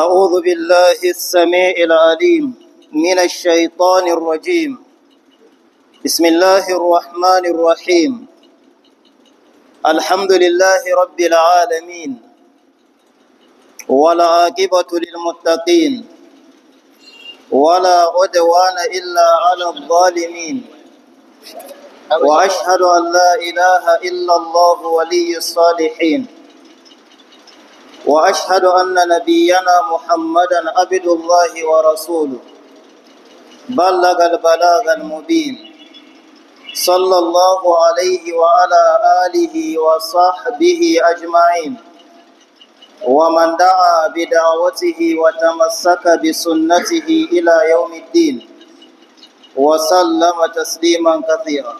أعوذ بالله السميع العليم من الشيطان الرجيم بسم الله الرحمن الرحيم الحمد لله رب العالمين والعاقبة للمتقين ولا عدوان إلا على الظالمين وأشهد أن لا إله إلا الله ولي الصالحين واشهد ان نبينا محمدا عبد الله ورسوله بلغ البلاغ المبين صلى الله عليه وعلى اله وصحبه اجمعين ومن دعا بدعوته وتمسك بسنته الى يوم الدين وسلم تسليما كثيرا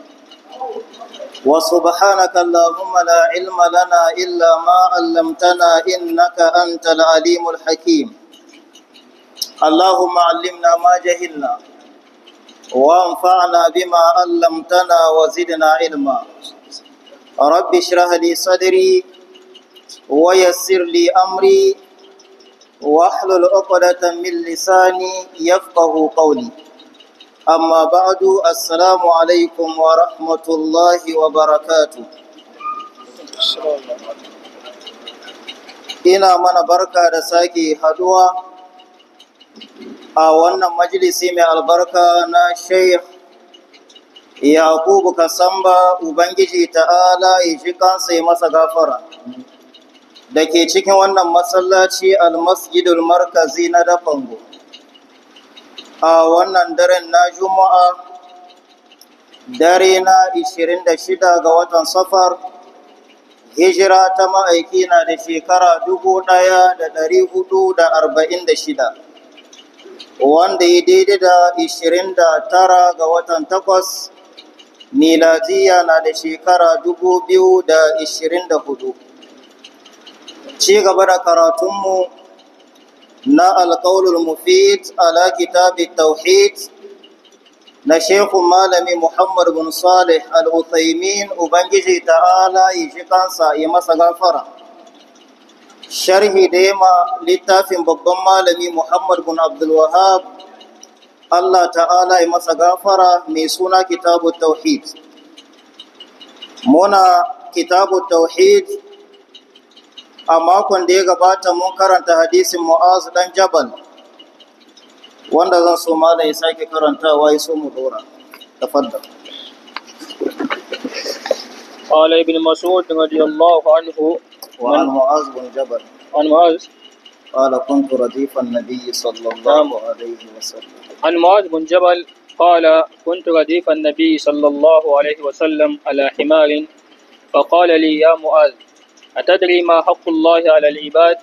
وسبحانك اللهم لا علم لنا إلا ما علمتنا إنك أنت العليم الحكيم اللهم علمنا ما جهلنا وانفعنا بما علمتنا وزدنا علما رب اشرح لي صدري ويسر لي أمري واحلل عقدة من لساني يفقه قولي أما بعد السلام عليكم ورحمة الله وبركاته ina mana barka da sake haduwa a wannan majalisi mai albarka na sheikh yakubu kasamba ubangiji ta'ala ya shi kansa ya masa gafara da ke cikin wannan masallaci almasjidul markazi na dafango a wannan daren na juma'a dare na 26 ga watan safar hijira ta ma'aiki na da shekara 1446 wanda ya daidai da 29 ga watan takwas miladiya na da shekara 2024 ci gaba da karatunmu Na القول Mufid, ala كتاب Tauhid. na shehu malami Muhammad bin Salih al-Uthaymin Ubangiji ta'ala yi shi kansa ya masa gafara. Sharhi da yama littafin babban malami Muhammad bin Abdulwahab Allah ta'ala ya masa gafara mai suna kitabu tauhid. Muna kitabu tauhid a makon da ya gabata mun karanta hadisin mu'az dan jabal wanda zan so malai ya sake karantawa ya so mu dora tafaddal قال ابن مسعود رضي الله عنه وعن معاذ بن جبل عن معاذ قال كنت رديف النبي صلى الله عليه وسلم عن معاذ بن جبل قال كنت رديف النبي صلى الله عليه وسلم على حمار فقال لي يا معاذ أتدري ما حق الله على العباد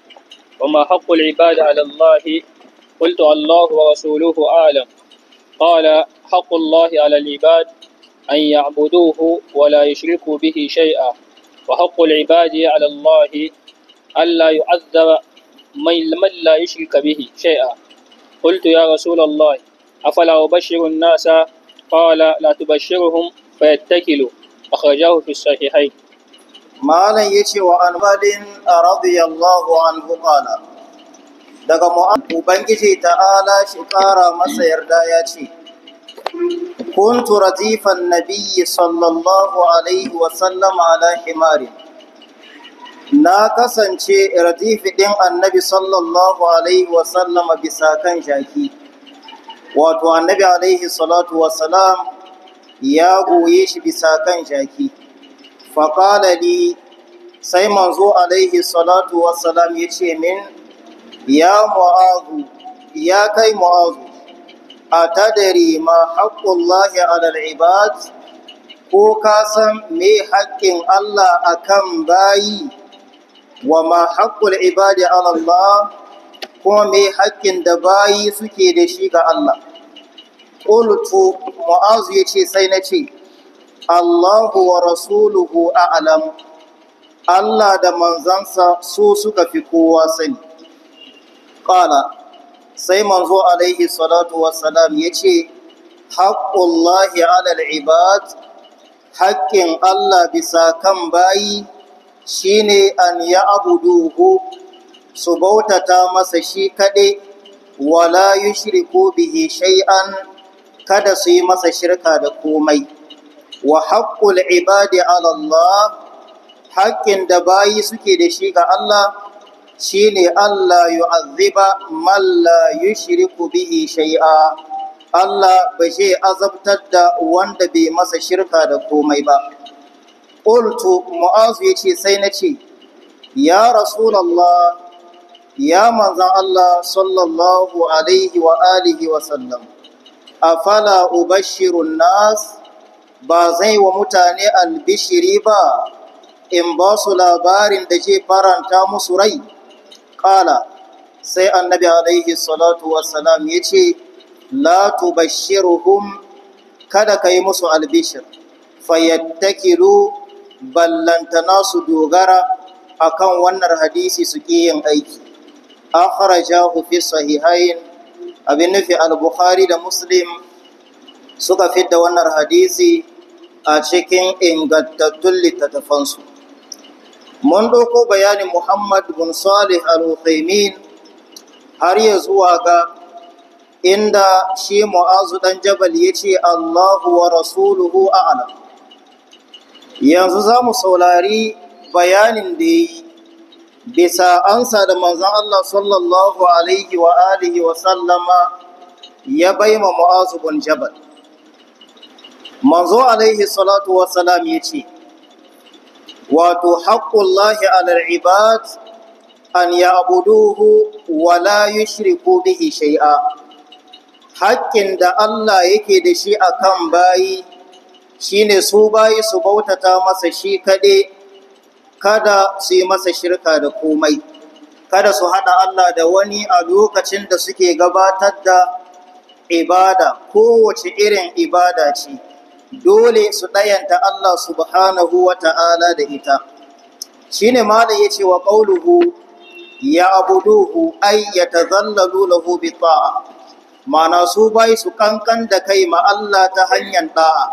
وما حق العباد على الله قلت الله ورسوله أعلم قال حق الله على العباد أن يعبدوه ولا يشركوا به شيئا وحق العباد على الله ألا يعذب من لا يشرك به شيئا قلت يا رسول الله أفلا أبشر الناس قال لا تبشرهم فيتكلوا أخرجه في الصحيحين malam yace wa anbadin radiyallahu anhu qala daga mu'an ubangiji ta'ala shi kara masa yarda ya ce kuntu radifan nabiyyi sallallahu alaihi wa sallam ala himari na kasance radifi din annabi sallallahu alaihi wa sallama bisa kan jaki wato annabi alaihi salatu wa salam ya goye shi bisa kan jaki faƙala li sai manzo alaihi salatu wassalam ya ce min ya mu'azu ya kai mu'azu a tadari ma haƙƙullahi alal ibad ko ka san me haƙƙin Allah akan bayi wa ma haƙƙun ibadi alallah kuma me haƙƙin da bayi suke da shi ga Allah ƙultu mu'azu ya ce sai na ce Allahu wa rasuluhu a'lam Allah da manzansa su suka fi kowa sani qala sai manzo alaihi salatu wassalam yace haqqullahi 'alal ibad haƙƙin Allah bisa kan bayi shine an ya'buduhu su bautata masa shi kaɗai wala yushriku bihi shay'an kada su yi masa shirka da komai wa haqqul ibadi ala Allah haƙƙin da bayi suke da shi ga Allah ne Allah yu'azziba man la yushriku bihi shay'a Allah ba zai azabtar da wanda bai masa shirka da komai ba qultu mu'azu yace sai nace ya rasulullah ya manzan Allah sallallahu alaihi wa alihi wa sallam afala ubashirun nas ba zai wa mutane albishiri ba in ba su labarin da ke faranta musu rai ƙala sai annabi alaihi salatu wassalam ya ce latu tubashshiruhum kada ka yi musu albishir fayyattakilu ballantana su dogara a kan wannan hadisi su ƙi yin aiki akhrajahu fi sahihain abin nufi al-bukhari da muslim suka fi da wannan hadisi a cikin ingantattun littattafansu mun ɗauko bayanin muhammad bin salih al-uthaymin har ya zuwa ga inda shi mu'azu ɗan jabal ya ce allahu wa rasuluhu a'lam yanzu za mu saurari bayanin da yi bisa ansa da manzan Allah sallallahu alaihi wa alihi wa sallama ya baima mu'azu bin jabal manzo alaihi salatu Salam ya ce wato haƙƙullahi alal an ya abuduhu wa la yushriku bihi shai'a. haƙƙin da Allah yake da shi kan bayi shine su bayi su bautata masa shi kaɗe, kada su yi masa shirka da komai kada su haɗa Allah da wani a lokacin da suke gabatar da ibada kowace irin ibada ce dole su ɗayanta Allah subhanahu wa ta'ala da ita shi ne mala ya ce wa ƙauluhu ya abuduhu ai ya ta zallalu lahu bi ta'a mana su bai su kankan da kai ma Allah ta hanyar ɗa'a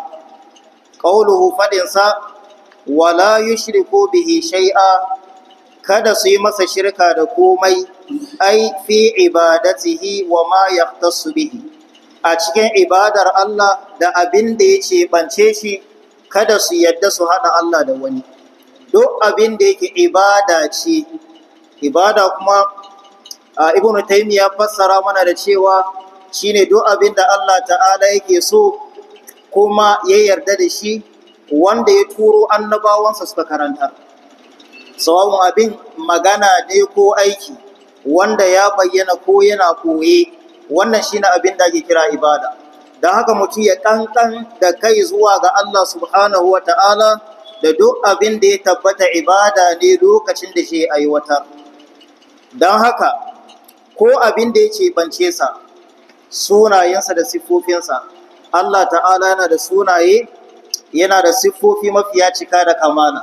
ƙauluhu faɗinsa wala yushriku bihi shai'a kada su yi masa shirka da komai ai fi ibadatihi wa ma yaftasu bihi a cikin ibadar Allah da abin da ya 'Bance shi kada su yadda su haɗa Allah da wani duk abin da yake ibada ce ibada kuma ibnu taymiya fassara mana da cewa shine duk abin da Allah ta'ala yake so kuma ya yarda da shi wanda ya turo annabawansa suka karanta sawawun abin magana ne ko aiki wanda ya bayyana ko yana koye wannan shi na abin da ake kira ibada Don haka mutum ya ƙanƙan da kai zuwa ga Allah subhanahu wa ta'ala da duk abin da ya tabbata ibada ne lokacin da shi ya aiwatar don haka ko abin da ya 'Bance sa sunayensa da siffofinsa Allah ta'ala yana da sunaye yana da siffofi mafiya cika da kamana,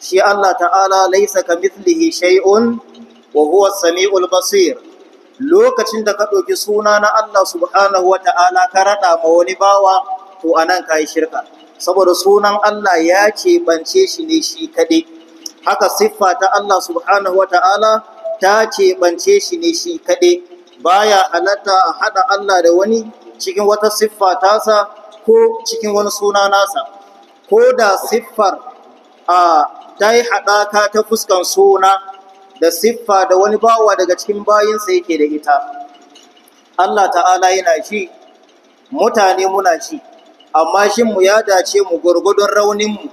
shi Allah ta'ala laisa ka mithlihi shay'un wa huwa samiul basir lokacin da ka ɗauki suna na Allah subhanahu wa ta'ala ka raɗa ma wani bawa to a nan ka yi shirka saboda sunan Allah ya ce bance shi ne shi kaɗai haka siffa ta Allah subhanahu wa ta'ala ta ce bance shi ne shi kaɗai baya halatta a haɗa Allah da wani cikin wata siffa tasa ko cikin wani suna nasa ko da siffar a ta yi haɗaka ta fuskan suna da siffa da wani bawa daga cikin bayinsa yake da ita Allah ta'ala yana shi mutane muna ci amma shin mu ya dace mu gurgudun rauninmu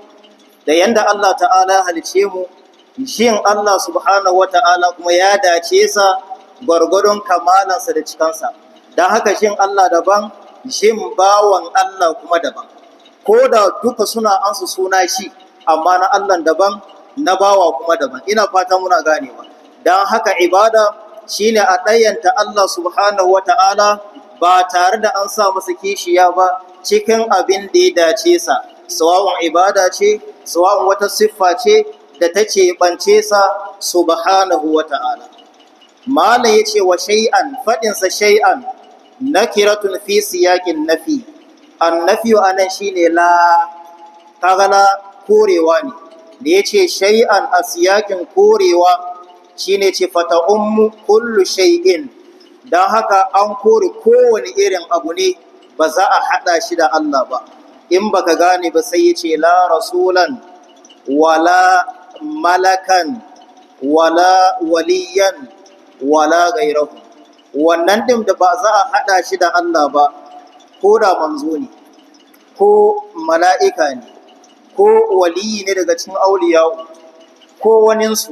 da yanda Allah ta'ala halice mu shin Allah subhanahu Ta'ala kuma ya dace sa gurgudun kamalansa da cikansa don haka shin Allah daban shin bawan Allah kuma daban ko da duka suna ansu suna shi amma na Allah daban na bawa kuma daban ina fata muna ganewa don haka ibada shine a ɗayyanta Allah subhanahu wata'ala ba tare da an sa masa kishiya ba cikin abin da ya dace sa sawa'un ibada ce tsawon wata siffa ce da ta ɓance sa subhanahu wata'ala malam ya ce wa shay'an faɗinsa shay'an nakiratun fi siyakin nafi annafiyu anan shine la kagala korewa ne da ya ce shay'an a siyakin korewa shine ne ce fata ummu kullu shay'in don haka an kore kowane irin abu ne ba za a haɗa shi da Allah ba in baka gane ba sai ya ce la rasulan wala malakan wala waliyan wala gairahu wannan ɗin da ba za a haɗa shi da Allah ba ko da manzo ne ko mala'ika ne ko waliyi ne daga cikin auliyawo ko waninsu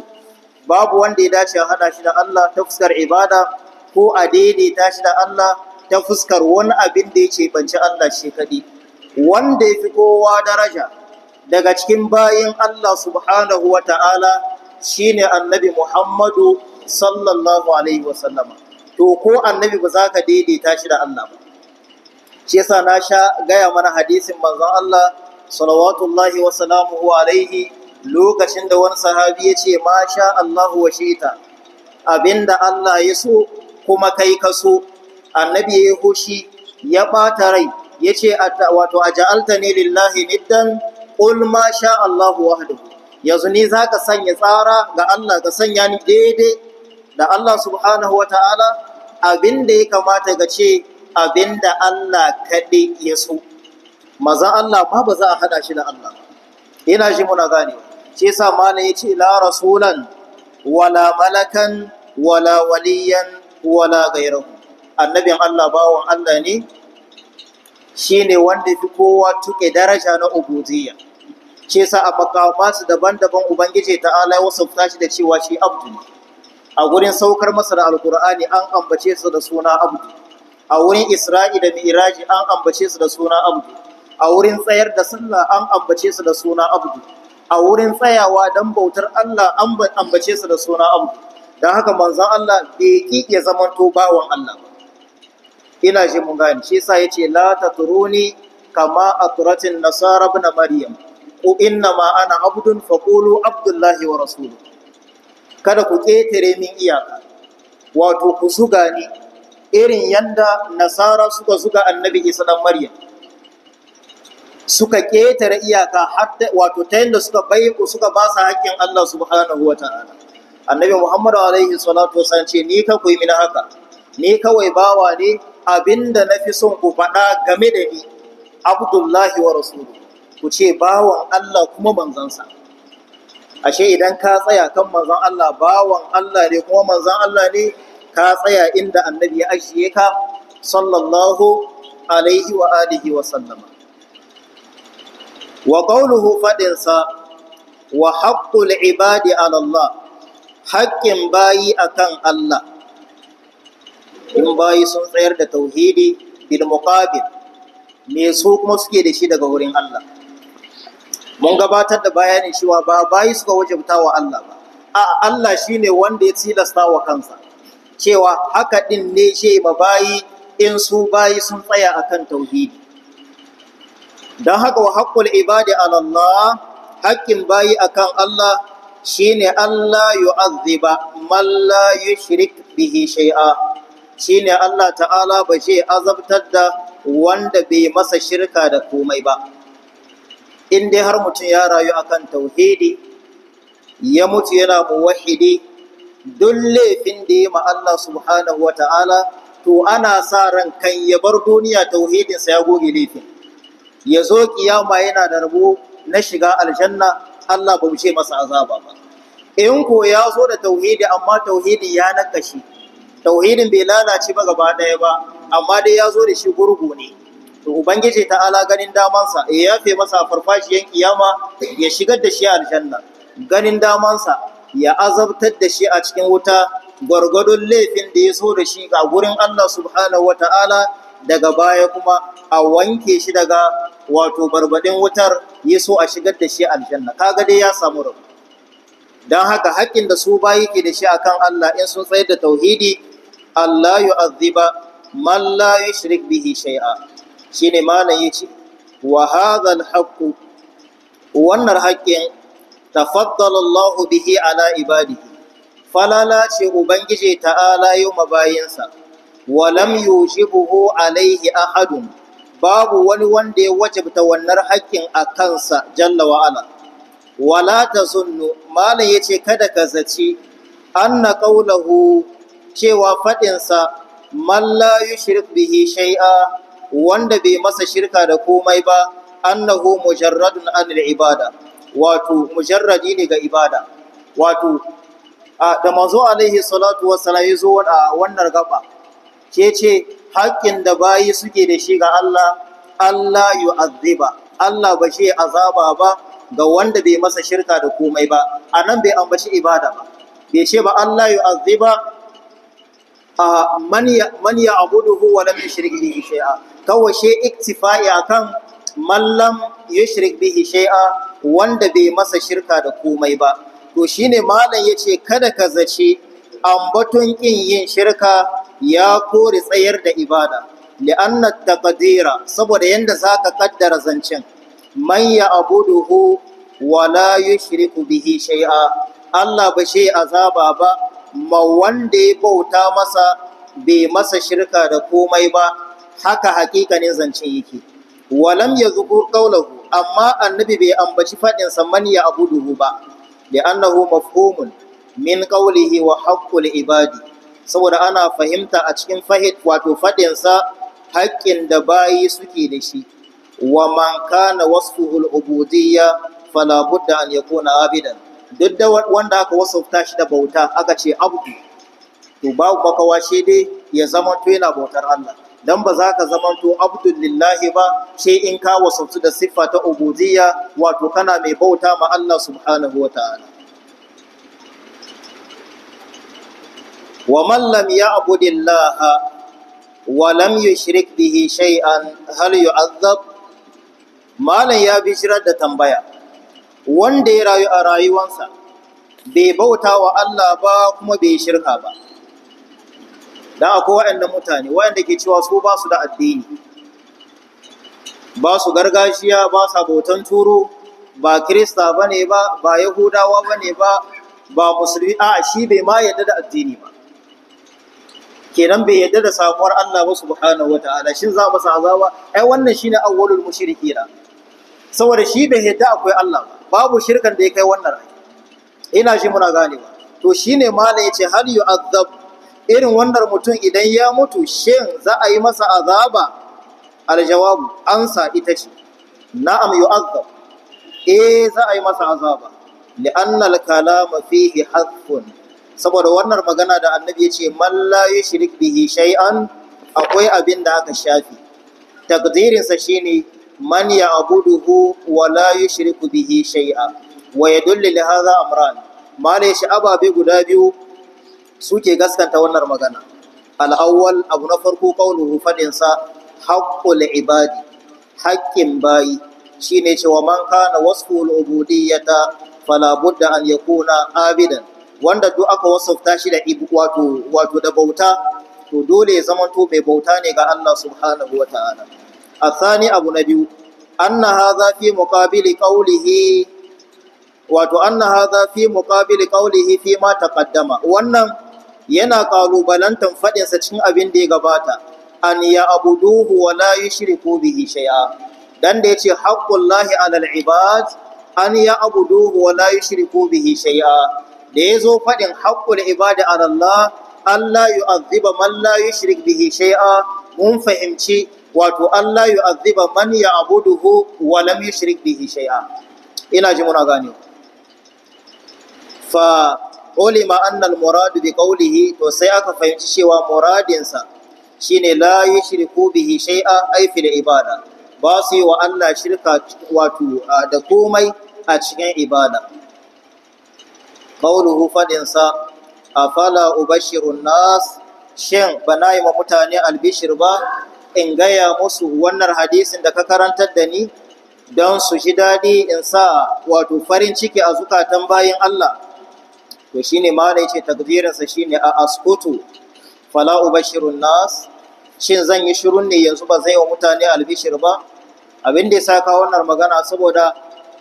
babu wanda ya dace a haɗa shi da Allah ta fuskar ibada ko a daidaita shi da Allah ta fuskar wani abin da ya banci Allah shi kaɗi wanda ya fi kowa daraja daga cikin bayin Allah subhanahu wa ta'ala shi ne annabi Muhammadu sallallahu Alaihi wasallama to ko annabi ba za ka daidaita shi da Allah ba shi yasa na sha gaya mana hadisin manzon Allah salawatullahi wa salamuhu alaihi lokacin da wani sahabi ya ce ma sha Allahu wa abinda Allah ya so kuma kai ka so annabi ya yi hushi ya ɓata rai ya ce wato a ja'alta ne lillahi niddan ƙul ma sha Allahu wahdahu yanzu ni za ka sanya tsara ga Allah ka sanya ni daidai da Allah subhanahu wa ta'ala abinda ya kamata ga ce abinda Allah kaɗai ya so mazan Allah ma ba za a haɗa shi da Allah ina shi muna gane shi yasa malam ya ce la rasulan wala malakan wala waliyan wala gairahu annabin Allah bawan Allah ne shine wanda fi kowa tuƙe daraja na ubudiyya shi yasa a makamasu daban-daban ubangiji ta'ala wasu shi da cewa shi abdu ne a gurin saukar masa da alkur'ani an ambace su da suna abdu a wurin isra'i da mi'raji an ambace su da suna abdu a wurin tsayar da sallah an ambace su da suna abdu a wurin tsayawa dan bautar Allah an ambace su da suna abdu dan haka manzon Allah bai ki ya zamanto bawan Allah ina shi mun gani shi yasa yace la tatruni kama aturatin nasara ibn maryam ku inna ma ana abdun faqulu abdullahi wa rasuluhu kada ku ketare min iyaka wato ku zuga ni irin yanda nasara suka zuga annabi isa dan maryam suka ƙetare iyaka hatta wato ta yadda suka bai suka ba su haƙƙin Allah subhanahu wa ta'ala annabi Muhammad alaihi salatu wasallam ce ni ka ku yi mini haka ni kawai bawa ne abinda na fi son ku faɗa game da ni Abdullahi wa rasulu ku ce bawan Allah kuma manzansa ashe idan ka tsaya kan manzan Allah bawan Allah ne kuma manzan Allah ne ka tsaya inda annabi ya ajiye ka sallallahu alaihi wa alihi wa sallama wa ƙauluhu faɗinsa wa haƙƙul ibadi Allah haƙƙin bayi kan Allah in bayi sun tsayar da tauhidi bil muƙabil me su kuma suke da shi daga wurin Allah mun gabatar da bayanin cewa ba bayi suka wajabta wa Allah ba a Allah shine wanda ya tilasta wa kansa cewa haka ɗin ne ce ma bayi in su bayi sun tsaya akan tauhidi don haka wa haƙƙul ibadi alallah haƙƙin bayi akan Allah shine Allah yu'azziba man la yushrik bihi shay'a shine Allah ta'ala ba zai azabtar da wanda bai masa shirka da komai ba in dai har mutum ya rayu akan tauhidi ya mutu yana muwahidi duk laifin da ya ma Allah subhanahu wa ta'ala to ana sa ran kan ya bar duniya tauhidinsa ya goge laifin ya zo kiyama yana da rabo na shiga aljanna Allah ba mu ce masa azaba ba in ko ya zo da tauhidi amma tauhidi ya nakashi tauhidin bai lalace ba gaba ɗaya ba amma dai ya zo da shi gurgu ne to ubangiji ta Ala ganin damansa ya yafe masa farfashiyan kiyama ya shigar da shi aljanna ganin damansa ya azabtar da shi a cikin wuta gwargwadon laifin da ya so da shi a gurin Allah subhanahu wata'ala daga baya kuma a wanke shi daga wato barbadin wutar ya so a shigar da shi aljanna kaga dai ya samu rabu don haka haƙƙin da su bayi ke da shi akan Allah in sun tsayar da tauhidi Allah yu azziba man la yushrik bihi shay'a shine malam yace wa hadha al wannan haƙƙin tafaddala Allah bihi ala ibadihi falala ce ubangije ta'ala yau mabayinsa walam yujibuhu alaihi ahadun babu wani wanda ya wajibta wannan haƙƙin a kansa jalla wa'ala wala ta zunnu malam yace kada ka zaci anna qawluhu cewa faɗinsa man la yushrik bihi shay'a wanda bai masa shirka da komai ba annahu mujarradun anil ibada wato mujarradi ne ga ibada wato da manzo alaihi salatu wassalam yazo wannan gaba ke ce haƙƙin da bayi suke da shi ga Allah Allah azziba, Allah ba shi azaba ba ga wanda bai masa shirka da komai ba anan bai ambaci ibada ba bai ce ba Allah yu'azziba man man ya abuduhu wa lam yushrik bihi shay'a kawai shi iktifai akan man lam yushrik bihi shay'a wanda bai masa shirka da komai ba to shine malam yace kada ka zace ambaton kin yin shirka ya kore tsayar da ibada li'anna taqdira saboda yanda zaka kaddara zancen man ya abuduhu wa la yushriku bihi shay'a Allah ba shi azaba ba ma wanda ya bauta masa bai masa shirka da komai ba haka hakika ne zancen yake walam yazuku qawluhu amma annabi bai ambaci fadin sa man ya abuduhu ba li'annahu mafhumun min qawlihi wa haqqul ibadi saboda ana fahimta a cikin fahid wato faɗinsa haƙƙin da bayi suke da shi wa man kana wasfuhul ubudiyya fala budda an yakuna abidan duk da wanda aka wasafta shi da bauta aka ce abdu to babu kawa shi dai ya zama to yana bautar Allah dan ba za ka zama to abdul lillahi ba sai in ka wasaftu da siffa ta ubudiyya wato kana mai bauta ma Allah subhanahu wataala wa man lam ya'bud Allah wa lam yushrik bihi hal yu'adhab malan ya bishirar da tambaya wanda ya rayu a rayuwansa bai bauta wa Allah ba kuma bai shirka ba dan akwai waɗannan mutane waɗanda ke cewa su basu da addini ba su gargajiya ba sa bautan turo ba kirista ba ne ba ba yahudawa ba ne ba ba musulmi a shi bai ma yadda da addini ba kenan bai yarda da samuwar Allah ba subhanahu wata'ala shin za masa azaba ai wannan shine awwalul mushrikina saboda shi bai yadda akwai Allah babu shirkan da ya kai wannan rai ina shi muna gane ba to shine malam yace hal yu'azzab irin wannan mutum idan ya mutu shin za a yi masa azaba aljawabu ansa ita ce na'am yu'azzab eh za a yi masa azaba li'anna al-kalama fihi hadfun saboda wannan magana da annabi ya ce mallaye shirik bihi shay'an akwai abin da aka shafi takdirinsa shine man ya abuduhu wa la shirik bihi shay'a wa yadullu li hadha amran malai shi ababe guda biyu suke gaskanta wannan magana al-awwal abu na farko qauluhu fadin sa haqqul ibadi haqqin bayi shine cewa man kana wasful ubudiyyata fala budda an yakuna abidan wanda duk aka wasafta shi da wato wato da bauta to dole ya zamanto mai bauta ne ga Allah subhanahu wa Ta'ala. A Sani abu na biyu anna hadha fi muqabili qawlihi wato annaha zafi fi muqabili qawlihi fi ma ta ƙaddama. wannan yana kalubalantan fadin sa cikin abin da ya gabata an ya duhu wa la ko bihi shay'a dan da yace haqqullahi alal ibad an ya duhu wa la ko bihi shay'a da ya zo faɗin haƙƙul ibada a Allah Allah yi azziba man la yi shirik bihi shai'a mun fahimci wato Allah yi azziba man ya abuduhu wa lam yi shirik bihi shai'a ina ji muna gane fa ulima annal muradu bi qawlihi to sai aka fahimci cewa muradinsa shine la shiriku bihi shai'a aifi da ibada ba su yi wa Allah shirka wato da komai a cikin ibada qawluhu fadinsa afala ubashirun nas shin bana yi wa mutane albishir ba in gaya musu wannan hadisin da ka karantar da ni don su ji daɗi in sa wato farin ciki a zukatan bayin Allah to shine mala yace takdirinsa shine a askutu fala ubashirun nas shin zan yi shirun ne yanzu ba zai wa mutane albishir ba abin da ya saka wannan magana saboda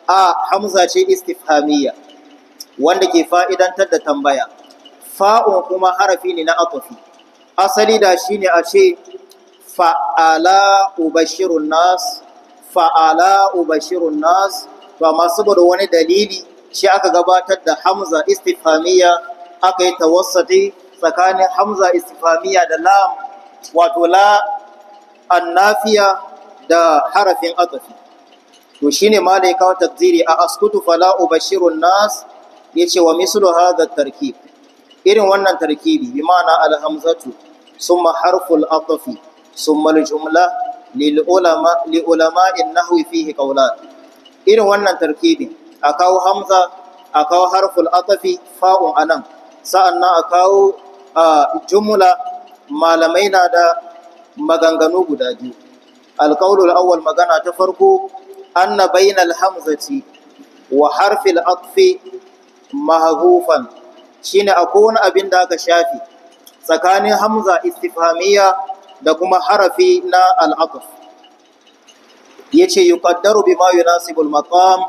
a hamza ce istifhamiyya wanda ke fa'idantar da tambaya fa'un kuma harafi ne na atofi, asali da shi ne a ce fa'ala ubashirun nas fa'ala ubashirun nas ba masu bada wani dalili shi aka gabatar da hamza istifamiya aka yi tawassati tsakanin hamza istifamiya da lam wato la annafiya da harafin atofi. to ne ma da ya kawo a askutu fala ubashirun nas yace wa mislu haza tarkib irin wannan tarkibi bi ma'ana alhamzatu summa harful atfi summa aljumla lil ulama li ulama'in nahwi fihi qawlan irin wannan tarkibin akawo hamza akawo harful atfi fa'un anan sa'anna akawo jumla malamai na da maganganu guda biyu alqawlul awwal magana ta farko anna bainal hamzati wa harfil atfi mahufan shine akwai wani abin da aka shafi tsakanin hamza istifhamiya da kuma harafi na al'aqaf yace yuqaddaru bima yunasibu al-maqam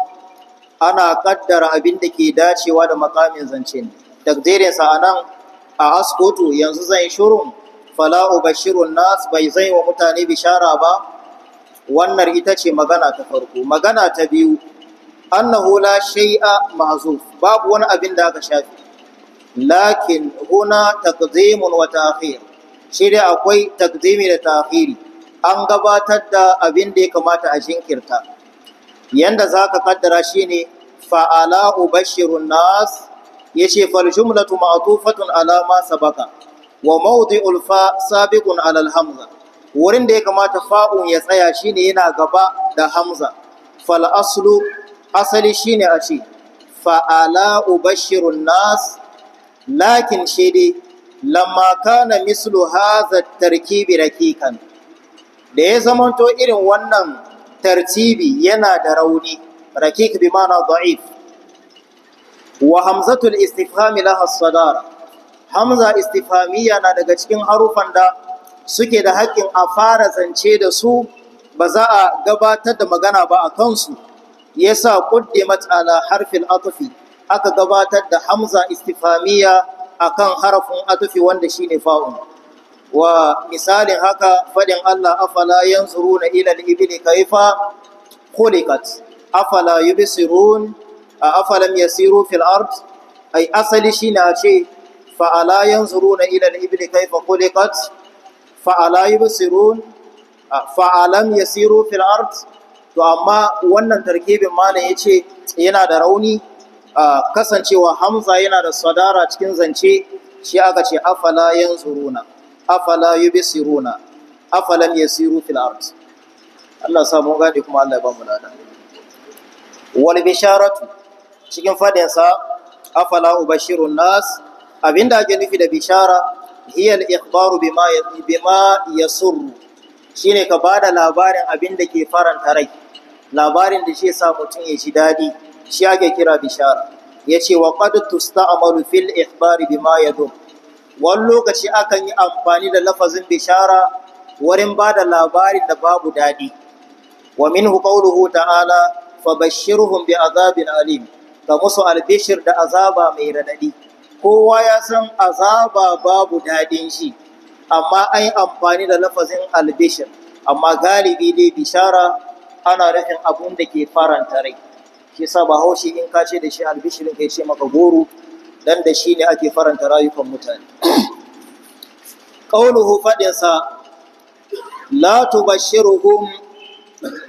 ana kaddara abin da ke dacewa da maqamin zance ne takdirin sa anan a askutu yanzu zan shurun fala an nas bai zai wa mutane bishara ba wannan ita ce magana ta farko magana ta biyu annahu la shay'a mahzuf babu wani abin da aka shafi lakin huna taqdimun wa ta'khir shi dai akwai taqdimi da ta'khiri an gabatar da abin da ya kamata a jinkirta yanda zaka kaddara shine fa'ala ubashirun nas yace fal jumlatu ma'tufatun ala ma sabaka wa mawdi'ul fa sabiqun ala al hamza wurin da ya kamata fa'un ya tsaya shine yana gaba da hamza fal aslu asali shine a ce fa'ala ubashirun nas lakin shi lamma kana mislu haza tarkibi rakikan da ya zamanto irin wannan tartibi yana da rauni rakik bi ma'ana da'if wa hamzatul istifhami laha sadara hamza istifhamiya na daga cikin harufan da suke da haƙƙin a fara zance da su ba za a gabatar da magana ba a kansu Ya sa quddimat ala harfin atufi aka gabatar da hamza istifamiya akan harafin atufi wanda shi ne fa'un wa misalin haka Faɗin Allah afala yanzuruna ila al-ibli kayfa khuliqat afala A afalam yasiru fil ard ay asali shine a ce fa'ala yanzuruna ila al-ibli kayfa khuliqat fa'ala yubsirun fa'alam yasiru fil ard to amma wannan tarkibin malam ya ce yana da rauni kasancewa hamza yana da sadara cikin zance shi aka ce afala yanzuruna afala bi yubsiruna ya yasiru fil ard Allah ya samu gadi kuma Allah ya ba mu lada wal bisharatu cikin fadinsa afala ubashirun nas abinda ake nufi da bishara hiya al ikhbaru bima bima yasurru shine ka bada labarin abinda ke faranta rai labarin da shi sa mutum ya ji daɗi shi ake kira bishara ya ce wa qad tusta'malu fil ikhbari bima yadum wani lokaci akan yi amfani da lafazin bishara wurin ba da labarin da babu daɗi wa minhu qawluhu ta'ala fabashshirhum bi azabin alim ka musu albishir da azaba mai radadi kowa ya san azaba babu daɗin shi amma an yi amfani da lafazin albishir amma galibi dai bishara ana rufin abun da ke faranta rai shi yasa bahaushe in ka ce da shi albishirin kai ce maka goro dan da shi ne ake faranta rayukan mutane qauluhu fadinsa la tubashshiruhum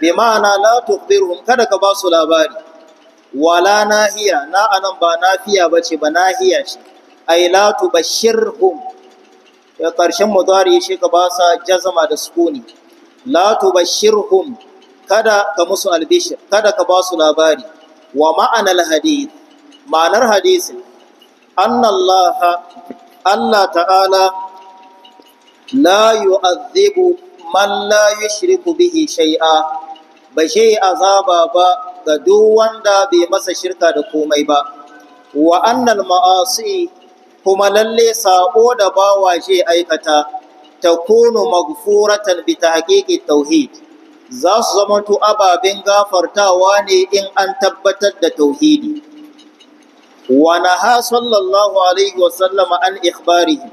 bi ma'ana la tukhbiruhum kada ka ba su labari wala nahiya na anan ba nafiya bace ba nahiya ce ai la tubashshirhum ya karshen mudari shi ka ba sa jazama da sukuni la tubashshirhum kada ka musu albishir kada ka ba su labari wa ma'anar hadith ma'anar hadisin annallaha Allah ta'ala la yu'azzibu man la yushriku bihi shay'a ba shi azaba ba ga duk wanda bai masa shirka da komai ba wa annal ma'asi kuma lalle sako da bawa shi aikata takunu magfuratan bi tahqiqi tauhid za su zamanto ababen gafartawa ne in an tabbatar da tauhidi wa ha, sallallahu alaihi wasallama an ikhbarihi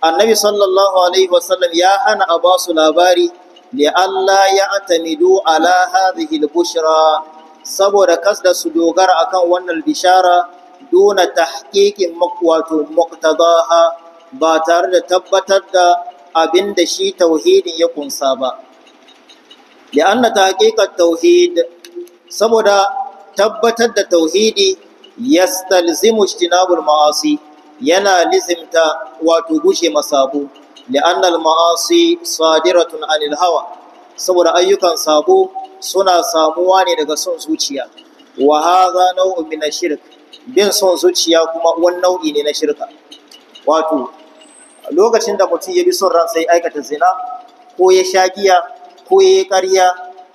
annabi sallallahu alaihi wasallam ya hana a ba su labari da Allah ya atamidu ala hadhihi bushra saboda kasda su dogara akan wannan bishara duna tahqiqin maqwatu muqtadaha ba tare da tabbatar da abinda shi tauhidin ya kunsa ba li'anna tahqiqat tauhid saboda tabbatar da tauhidi yastalzimu ijtinabul ma'asi yana lizimta wato gushe masabu li'anna al-ma'asi sadiratun Alilhawa, saboda ayyukan sabo suna samuwa ne daga son zuciya wa hadha nau'un min shirk bin son zuciya kuma wani nau'i ne na shirka wato lokacin da mutum ya bi son ransa ya aikata zina ko ya sha giya ko ya yi ƙarya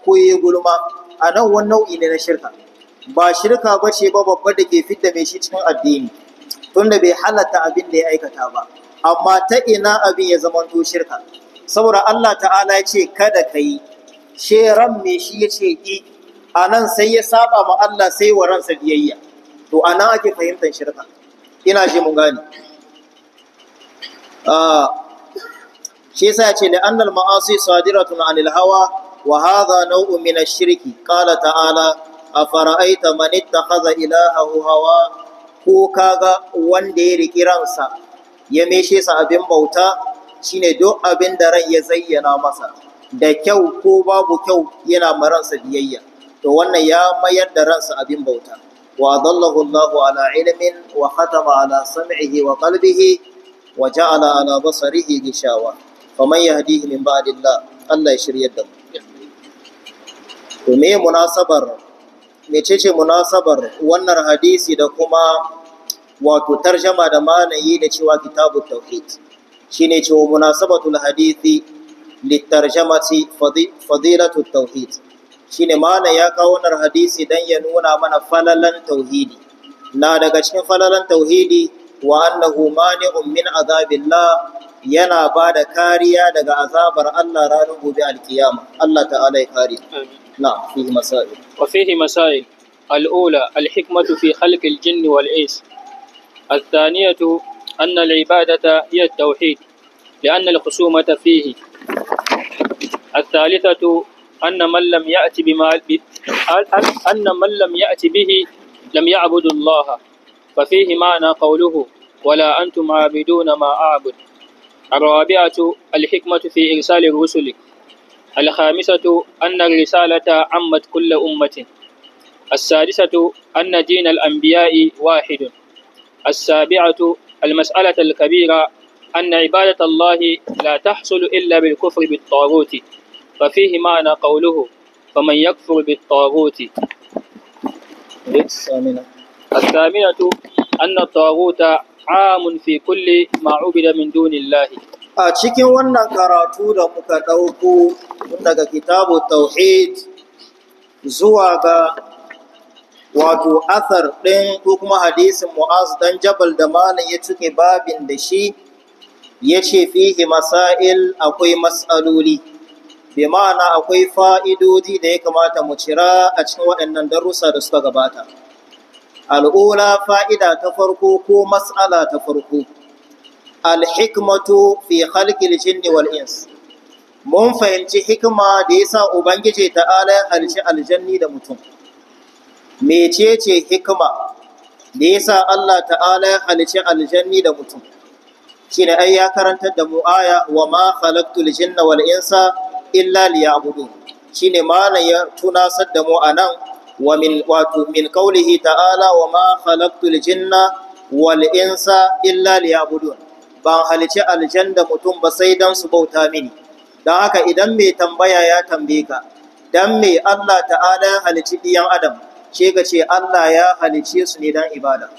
ko ya yi gulma a nan wani nau'i ne na shirka ba shirka ba ce ba babba da ke fidda mai shi cikin addini tunda bai halatta abin da ya aikata ba amma ta ina abin ya zamanto shirka saboda Allah ta'ala ya ce kada ka yi she ran me shi ya ce ki? a nan sai ya saba ma Allah sai wa ransa biyayya to a nan ake fahimtar shirka ina shi mun gane ah, shi yasa ce annal ma'asi sadiratun anil hawa wa hadha nau'un min ash-shirki kala ta'ala afara'aita man ittakhadha ilahahu hawa ko kaga wanda ya riki ransa ya meshe sa abin bauta shine duk abin da ran ya zayyana masa da kyau ko babu kyau yana maransa biyayya to wannan ya mayar da ransa abin bauta wa adallahu Allahu ala ilmin wa khatama ala sam'ihi wa qalbihi wa ja'ala ala basarihi gishawa faman yahdihi min ba'dillah Allah ya shirya da mu to me munasabar mecece munasabar wannan hadisi da kuma wato tarjama da manayi da cewa kitabu tauhid shine cewa munasabatul hadisi litarjamati fadilatut tauhid shine mana ya kawo wannan hadisi dan ya nuna mana falalan tauhidi na daga cikin falalan tauhidi wa annahu mani'un min azabillah yana ba da kariya daga azabar Allah ranar gobe alkiyama Allah ta'ala ya kare na fihi masail wa fihi masail al-ula al-hikmatu fi khalq al-jinn wal-ins الثانية أن العبادة هي التوحيد لأن الخصومة فيه الثالثة أن من لم يأتي بما أن من لم يأتي به لم يعبد الله ففيه معنى قوله ولا أنتم عابدون ما أعبد الرابعة الحكمة في إرسال الرسل الخامسة أن الرسالة عمت كل أمة السادسة أن دين الأنبياء واحد السابعة المسألة الكبيرة أن عبادة الله لا تحصل إلا بالكفر بالطاغوت ففيه معنى قوله فمن يكفر بالطاغوت الثامنة الثامنة أن الطاغوت amun fi kulli ma'ubida min dunillahi a cikin wannan karatu da muka ɗauko daga kitabu tauhid zuwa ga wato athar ɗin ko kuma hadisin mu'az dan jabal da malam ya cike babin da shi ya ce fihi masail akwai matsaloli bi ma'ana akwai fa'idodi da ya kamata mu cira a cikin waɗannan darussa da suka gabata. al'ula fa'ida ta farko ko matsala ta farko alhikmatu fi halkil jinni wal ins mun fahimci hikima da yasa ubangiji ta'ala ya halci aljanni da mutum mecece hikima da yasa Allah ta'ala ya halci aljanni da mutum shine ai ya karantar da mu aya wa ma khalaqtul jinna wal insa illa liya'budun shine malan ya tunasar da mu anan ومن من قوله تعالى وما jinna wal insa إلا ليعبدون ban halice aljanna mutum ba sai dan su bauta mini Da haka idan mai tambaya ya tambaye ka dan mai Allah ta'ala ya halici biyan adam ce ga ce Allah ya halice su ne dan ibada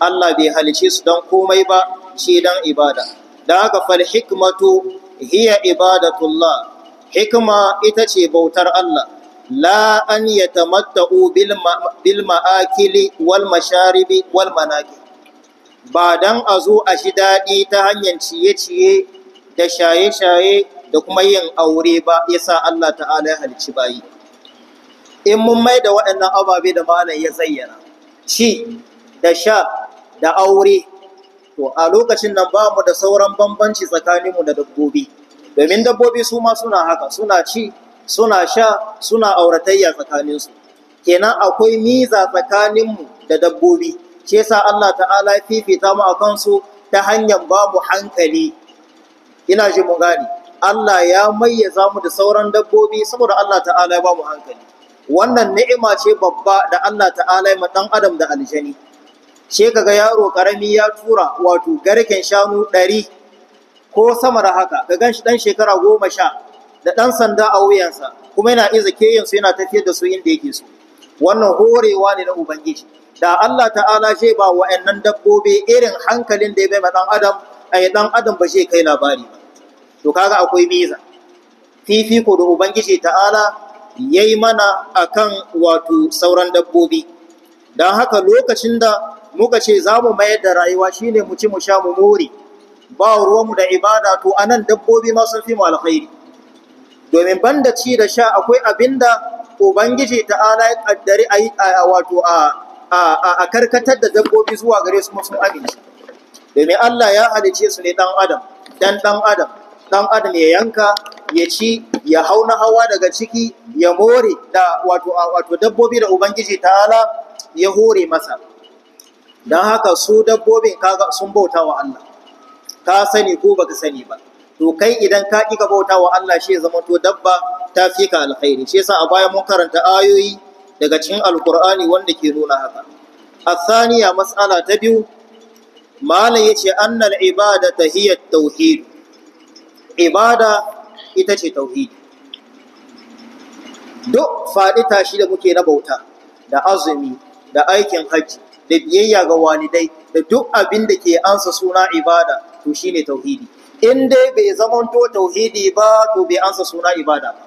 Allah bai halice su dan komai ba ce dan ibada Da haka fal hikmatu hiya ibadatullah hikma ita ce bautar Allah la an yatamatta'u bil ma'akili wal masharibi wal manaki ba dan a zo a shi daɗi ta hanyar ciye-ciye da shaye-shaye da kuma yin aure ba ya sa Allah ta'ala ya halicci bayi in mun mai da waɗannan ababe da malam ya zayyana ci da sha da aure to a lokacin nan ba mu da sauran bambanci tsakaninmu da dabbobi domin dabbobi su ma suna haka suna ci suna sha suna auratayya tsakaninsu kenan akwai miza tsakaninmu da dabbobi shi yasa Allah ta'ala fifita mu a kansu ta hanyar babu hankali ina ji mu gani Allah ya mayyaza zamu da sauran dabbobi saboda Allah ta'ala ya babu hankali wannan ni'ima ce babba da Allah ta'ala ya dan adam da aljani she kaga yaro karami ya tura wato garken shanu 100 ko sama da haka ka ganshi dan shekara goma sha da ɗan sanda a wuyansa kuma yana iza su yana tafiyar da su inda yake so wannan horewa ne na ubangiji da Allah ta'ala zai ba wa'annan dabbobi irin hankalin da ya bai ɗan adam a yi ɗan adam ba zai kai labari ba to kaga akwai miza Fifi ko da ubangiji ta'ala yayi mana a kan wato sauran dabbobi don haka lokacin da muka ce za mu mayar da rayuwa shine mu ci mu sha mu more ba ruwanmu da ibada to anan dabbobi ma sun fi mu alkhairi domin banda ci da sha akwai abin da ubangiji ta'ala ya kaddari a wato a karkatar da dabbobi zuwa gare su sun amince domin Allah ya halice su ne dan adam dan dan adam dan adam ya yanka ya ci ya hau na hawa daga ciki ya more da wato wato dabbobi da ubangiji ta'ala ya hore masa don haka su dabbobin kaga sun bauta wa Allah ka sani ko baka sani ba to kai idan ka ƙi ka bauta wa Allah shi ya zama to dabba ta fi ka alkhairi shi yasa a baya mun karanta ayoyi daga cikin alkur'ani wanda ke nuna haka asaniya mas'ala ta biyu malam yace annal ibadata hiya tauhid ibada ita ce tauhid duk faɗi tashi da muke na bauta da azumi da aikin hajji da biyayya ga walidai da duk abin da ke ansa suna ibada to shine tauhidi in dai bai zamanto tauhidi ba to bai ansa suna ibada ba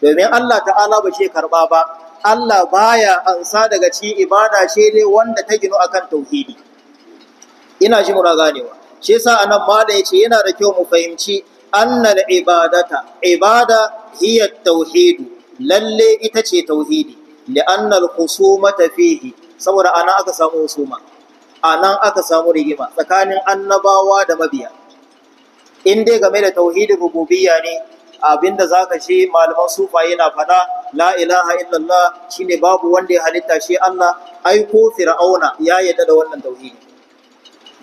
domin Allah ta'ala ba shi karba ba Allah baya ansa daga cikin ibada shi ne wanda ta ginu akan tauhidi ina ji mura ganewa shi yasa anan da yace yana da kyau mu fahimci annal ibadata ibada hiya tauhidu lalle ita ce tauhidi li'annal khusumata fihi saboda anan aka samu husuma anan aka samu rigima tsakanin annabawa da mabiya in dai game da tauhidin rububiyya ne abinda zaka ce malaman sufa yana fada la ilaha illallah shine babu wanda ya halitta shi Allah ai ko fir'auna ya yadda da wannan tauhidi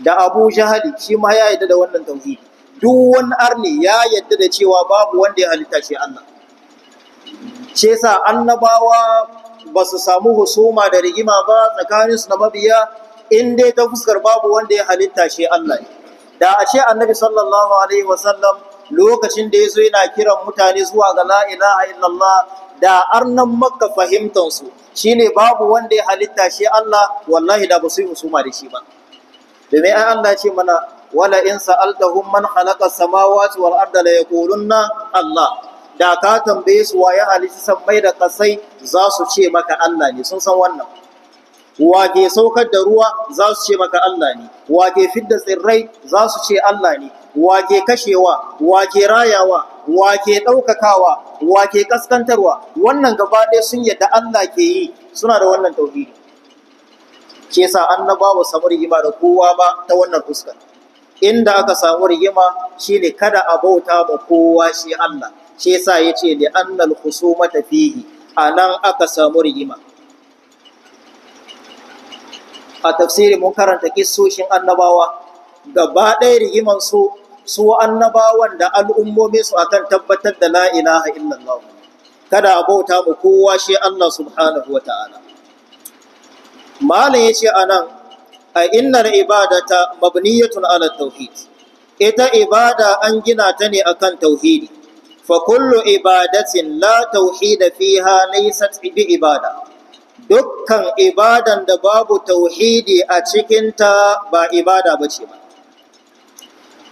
da Abu Jahali shi ma ya yadda da wannan tauhidi duk wani arni ya yadda da cewa babu wanda ya halitta shi Allah ce sa annabawa ba su samu husuma da rigima ba tsakaninsu na mabiya in dai ta fuskar babu wanda ya halitta shi Allah ne da ashe annabi sallallahu alaihi wasallam lokacin da ya zo yana kiran mutane zuwa ga la ilaha illallah da arnan makka fahimtansu shine babu wanda ya halitta shi Allah wallahi da ba su yi husuma da shi ba domin ai Allah ce mana wala in sa'altahum man khalaqa samawati wal arda la yaqulunna Allah da ka tambaye su waye halitta sammai da kasai za su ce maka Allah ne sun san wannan wake saukar da ruwa za su ce maka Allah ne wake ke fidda tsirrai za su ce Allah ne wake kashewa wake rayawa wake ke ɗaukakawa wa ƙaskantarwa wannan gaba ɗaya sun yadda Allah ke yi suna da wannan tauhidi sa an annaba ba samu rigima da kowa ba ta wannan fuska inda aka samu rigima shine kada a bauta ba kowa shi Allah shi yasa yace da annal khusumata fihi anan aka samu rigima a tafsiri mun karanta kissoshin annabawa gaba ɗaya rigiman su su annabawan da al'ummomi su akan tabbatar da la ilaha illallah kada a bauta mu kowa shi Allah subhanahu wa ta'ala malam yace anan a innar ibadata mabniyatun ala tauhid ita ibada an gina ta ne akan tauhidi fa kullu ibadatin la tauhida fiha laysat bi ibada dukkan ibadan da babu tauhidi a cikinta ba ibada ba ba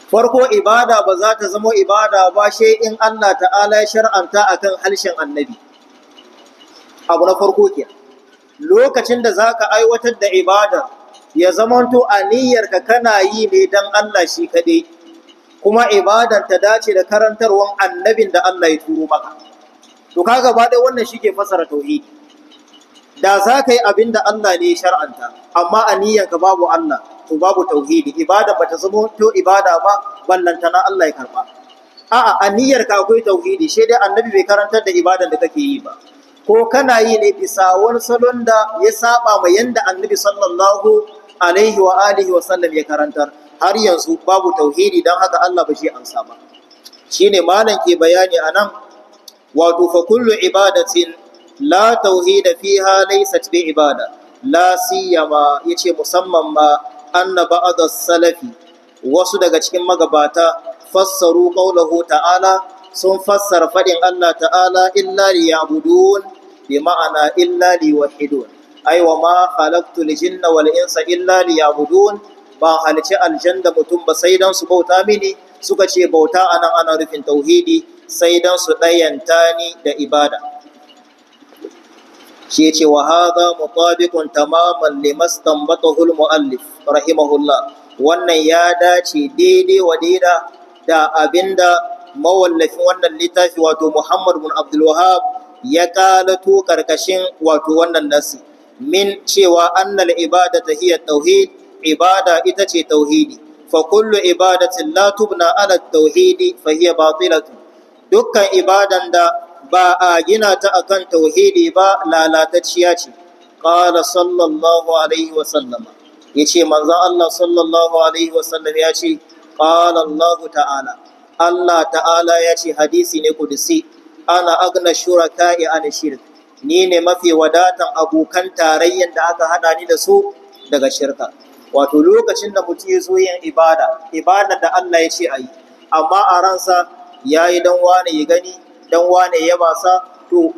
farko ibada ba za ta zama ibada ba shi in Allah ta'ala ya shar'anta akan harshen annabi abu na farko ke lokacin da za ka aiwatar da ibada ya zamanto a aniyarka kana yi ne don Allah shi kaɗai kuma ibadan ta dace da karantarwan annabin da Allah ya turo maka to kaga ba dai wannan shi ke fasara tauhidi da za ka yi abin da Allah ne shar'anta amma a niyyanka babu Allah to babu tauhidi ibada bata zama to ibada ba na Allah ya karba a'a a niyyarka akwai tauhidi shi dai annabi bai karantar da ibadan da kake yi ba ko kana yi ne bisa wani salon da ya saba ma yanda annabi sallallahu alaihi wa alihi wa sallam ya karantar har yanzu babu tauhidi dan haka Allah ba shi amsa ba shine malam ke bayani anan wato fa kullu ibadatin la tauhida fiha laysat bi ibada la siyama yace musamman ma anna ba'd salafi wasu daga cikin magabata fassaru qaulahu ta'ala sun fassara faɗin Allah ta'ala illa liya'budun bi ma'ana illa liwahidun ai wa ma khalaqtu al-jinna wal insa illa liya'budun ba halice aljanda mutum ba sai dan su bauta mini suka ce bauta anan ana rufin tauhidi sai dan su ɗayanta ni da ibada shi yace wa hadha mutabiqun tamaman limastanbatahu almuallif rahimahullah wannan ya dace daidai wa daida da abinda mawallafin wannan littafi wato Muhammad bin Abdul Wahhab ya kalato karkashin wato wannan nasi min cewa annal ibadata hiya tauhid ibada ita ce tauhidi fa kullu ibadatin la tubna ala tauhidi fa hiya batilatu dukkan ibadan da ba a gina ta a kan tauhidi ba lalatacciya ce qala sallallahu alaihi wasallama ya yace manzon Allah sallallahu alaihi wa ya ce Allah ta'ala Allah ta'ala ya ce hadisi ne kudusi ana agna ka'i ana shirk ni ne mafi wadatan abokan tarayyan da aka hada ni da su daga shirka wato lokacin da mutum ya zo yin ibada ibada da Allah ya ce a yi amma a ransa ya yi don wane ya gani dan wane ya basa to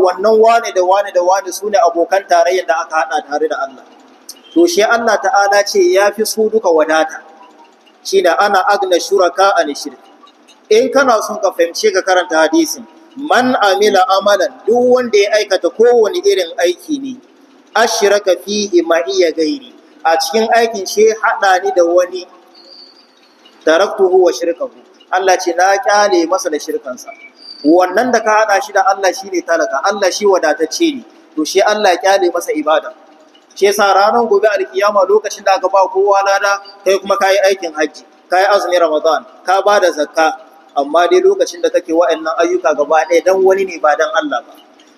wannan wane da wane da wane su ne abokan tarayyar da aka haɗa tare da Allah to shi Allah ta'ala ce ya fi su duka wadata shi da ana agna shuraka a shirki in kana son ka fahimci ka karanta hadisin man amila amalan duk wanda ya aikata kowane irin aiki ne ashiraka fihi ma iya gairi a cikin aikin shi haɗa ni da wani taraktuhu wa shirkahu Allah ce na kyale masa da shirkansa wannan da ka haɗa shi da Allah shi ne talaka Allah shi wadatacce ne to shi Allah ya kyale masa ibada shi yasa ranar gobe alkiyama lokacin da aka ba kowa lada kai kuma kayi aikin hajji kayi azumin ramadan ka ba da zakka amma dai lokacin da kake wa'annan ayyuka gaba ɗaya dan wani ne ba dan Allah ba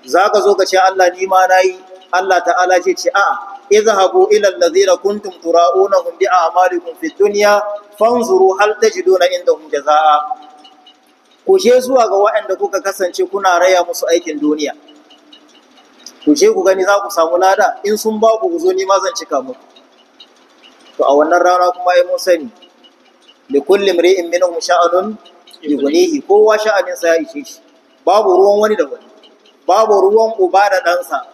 zaka zo ka ce Allah ni ma nayi Allah ta'ala ce ce a'a izhabu ila allazina kuntum a bi a'malikum fid dunya fanzuru hal tajiduna indahum jaza'a. ku je zuwa ga waɗanda kuka kasance kuna raya musu aikin duniya ku je ku gani za ku samu lada in sun ba ku zo ni ma zan cika muku to a wannan rana kuma ya mun sani li kulli mri'in minhum sha'anun yughnihi kowa sha'anin sa ya ishe shi babu ruwan wani da wani babu ruwan uba da ɗansa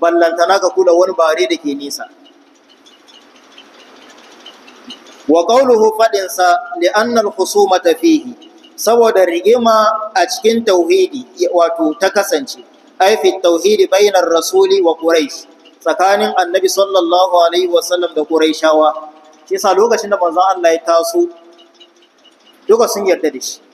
ballantana ka kula wani bare da ke nisa wa qawluhu fadin sa li anna al fihi saboda rigima a cikin tauhidi wato ta kasance aifi fi tauhidi bainar rasuli wa quraish tsakanin annabi sallallahu alaihi sallam da quraishawa shi sa lokacin da manzon Allah ya taso duka sun yarda da shi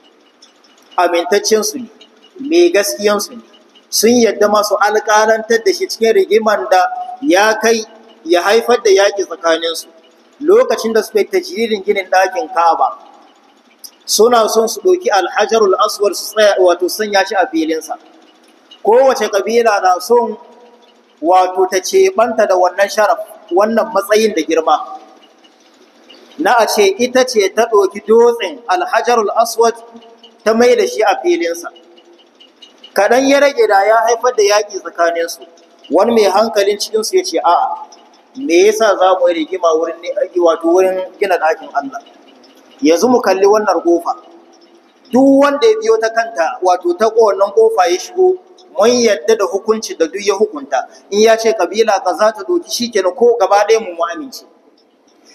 amintaccen su ne mai gaskiyan su ne sun yarda masu alƙalantar da shi cikin rigiman da ya kai ya haifar da yaƙi tsakaninsu lokacin da suka yi ginin ɗakin Ka'aba suna son su ɗauki alhajarul aswar su wato sanya shi a filinsa kowace ƙabila na son wato ta ce banta da wannan sharaf wannan matsayin da girma na a ce ita ce ta ɗauki dotsin alhajarul aswad ta mai da shi a filinsa kaɗan ya rage da ya haifar da yaƙi tsakaninsu wani mai hankalin cikinsu ya ce a'a me yasa za mu yi rigima wurin wato wurin gina ɗakin Allah yanzu mu kalli wannan kofa duk wanda ya biyo ta kanta wato ta kowannan kofa ya shigo mun yadda da hukunci da duk ya hukunta in ya ce kabila ka za ta doki shi kenan ko gaba ɗaya mu mu amince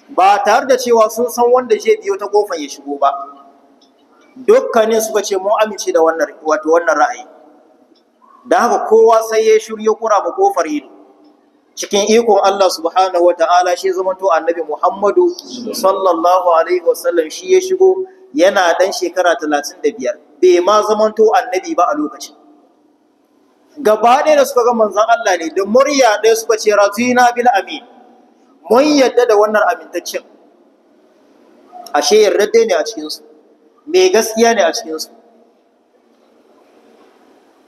ba tare da cewa sun san wanda zai biyo ta kofan ya shigo ba dukkanin suka ce mun amince da wannan wato wannan ra'ayi da haka kowa sai ya shirya kura ba kofar ido cikin ikon Allah subhanahu wa ta'ala shi zamanto annabi Muhammadu sallallahu alaihi wasallam shi ya shigo yana ɗan shekara talatin da biyar bai ma zamanto annabi ba a lokacin gaba ɗaya da suka ga manzan Allah ne da murya ɗaya suka ce ratuna bil amin mun yadda da wannan amintaccen ashe yarda dai ne a cikinsu mai gaskiya ne a cikinsu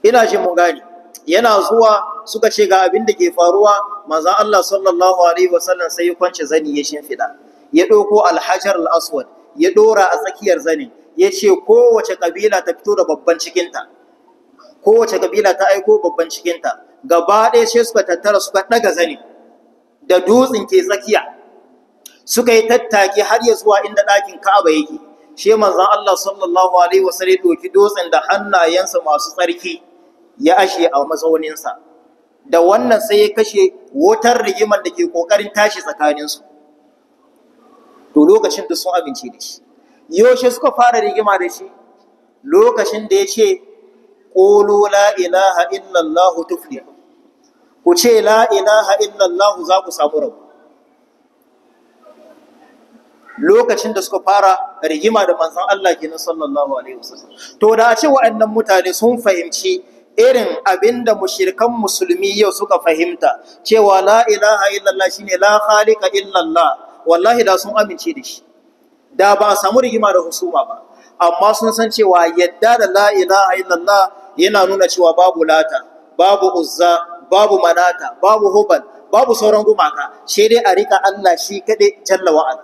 ina shi mun gane yana zuwa suka ce ga abin da ke faruwa Maza Allah sallallahu alaihi wasallam sai ya kwance zani ya shimfiɗa. ya doko alhajar al-aswad ya ɗora a tsakiyar zanin ya ce kowace ƙabila ta fito da babban cikinta kowace kabila ta aiko babban cikinta gaba ɗaya sai suka tattara suka ɗaga zanin da dutsen ke tsakiya suka yi tattaki har ya zuwa inda ɗakin ka'aba yake shi Maza Allah sallallahu alaihi wasallam ya ɗauki dutsen da hannayensa masu tsarki ya ashe a mazauninsa da wannan sai ya kashe wutar rigimar da ke ƙoƙarin tashi tsakaninsu to lokacin da sun abinci da shi yaushe suka fara rigima da shi lokacin da ya ce ƙolo la'ilaha illallahu illallah tufliya ku ce la'ilaha illallahu za ku samu rabu lokacin da suka fara rigima da manzan Allah ke nan sallallahu alaihi wasu. to da a ce waɗannan mutane sun fahimci irin abinda mushrikan musulmi yau suka fahimta cewa la ilaha illallah shine la khaliqa illallah wallahi da sun amince da shi da ba samu rigima da husuma ba amma sun san cewa yadda da la ilaha illallah yana nuna cewa babu lata babu uzza babu manata babu hubal babu sauran gumaka sai dai a rika Allah shi kade, jalla ala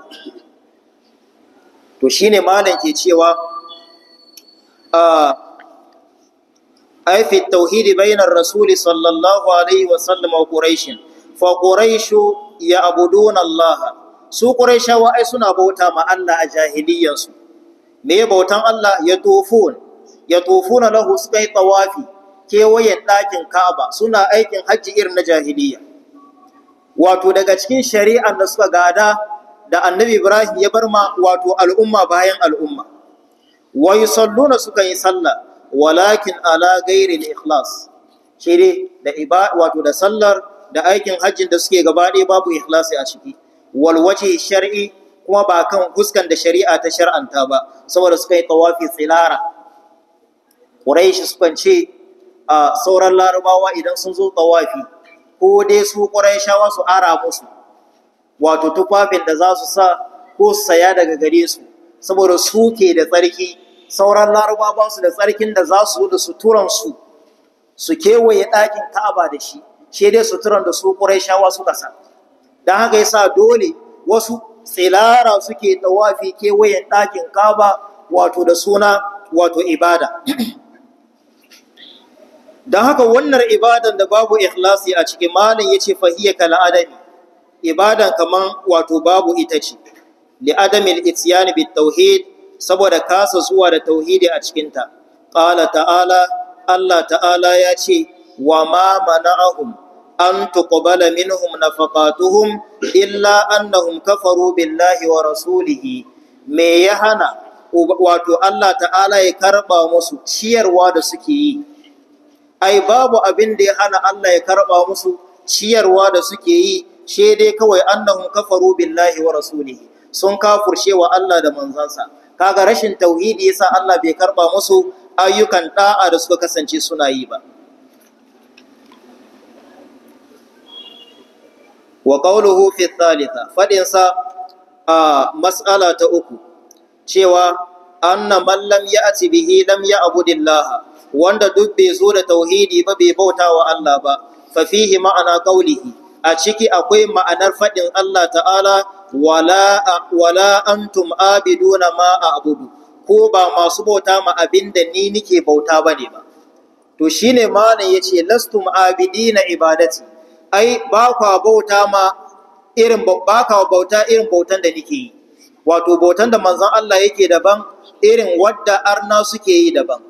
to shine malam ke cewa ah, أي في التوحيد بين الرسول صلى الله عليه وسلم وقريش فقريش يعبدون Allah. su ƙuraishawa ai suna bauta ma Allah a su. me bautan Allah ya tofun ya tofuna lahu suka yi tawafi kewayen ɗakin Ka'aba suna aikin hajji irin na jahiliya wato daga cikin shari'ar da suka gada da Annabi Ibrahim ya bar ma wato al'umma bayan al'umma wa yusalluna suka yi sallah walakin ala gairi ikhlas shi ne da iba wato da sallar da aikin hajjin da suke gaba ɗaya babu ikhlasi a ciki walwace shar'i kuma ba kan fuskan da shari'a ta shar'anta ba saboda suka yi tawafi tsilara ƙuraishi sukan ce a sauran larabawa idan sun zo tawafi ko dai su ƙuraishawa su ara musu wato tufafin da za su sa ko saya daga gare su saboda su ke da tsarki sauran laraba basu da tsarkin da za su da suturansu su kewaye ɗakin ka'aba da shi shi dai suturan da su shawa suka sa don haka yasa dole wasu tsilara suke tawafi kewayen ɗakin ka'aba wato da suna wato ibada don haka wannan ibadan da babu ikhlasi a cikin malin ya ce fahiyya kal'adami ibadan kaman wato babu ita ce li adamil ityani tauhid saboda kasa zuwa da tauhidi a cikinta qala ta'ala Allah ta'ala ya ce wa ma mana'ahum an tuqbala minhum nafaqatuhum illa annahum kafaru billahi wa rasulihi me ya hana wato Allah ta'ala ya karba musu ciyarwa da suke yi ai babu abin da ya hana Allah ya karba musu ciyarwa da suke yi she dai kawai annahum kafaru billahi wa rasulihi sun kafurce wa Allah da manzansa kaga rashin tauhidi yasa Allah bai karba musu ayyukan da'a da suka kasance suna yi ba wa qawluhu fi thalitha fadin sa a mas'ala ta uku cewa anna man lam ya'ti bihi lam ya'budillaha wanda duk bai zo da tauhidi ba bai bauta wa Allah ba fa fihi ma'ana qawlihi a ciki akwai ma'anar fadin Allah ta'ala wala antum abiduna ma a'budu ko ba masu bauta ma abinda ni nike bauta bane ba to shine malam yace lastum abidina ibadati ai ba kwa bauta ma irin ba ka bauta irin bautan da nike yi wato bautan da manzon Allah yake daban irin wadda arna suke yi daban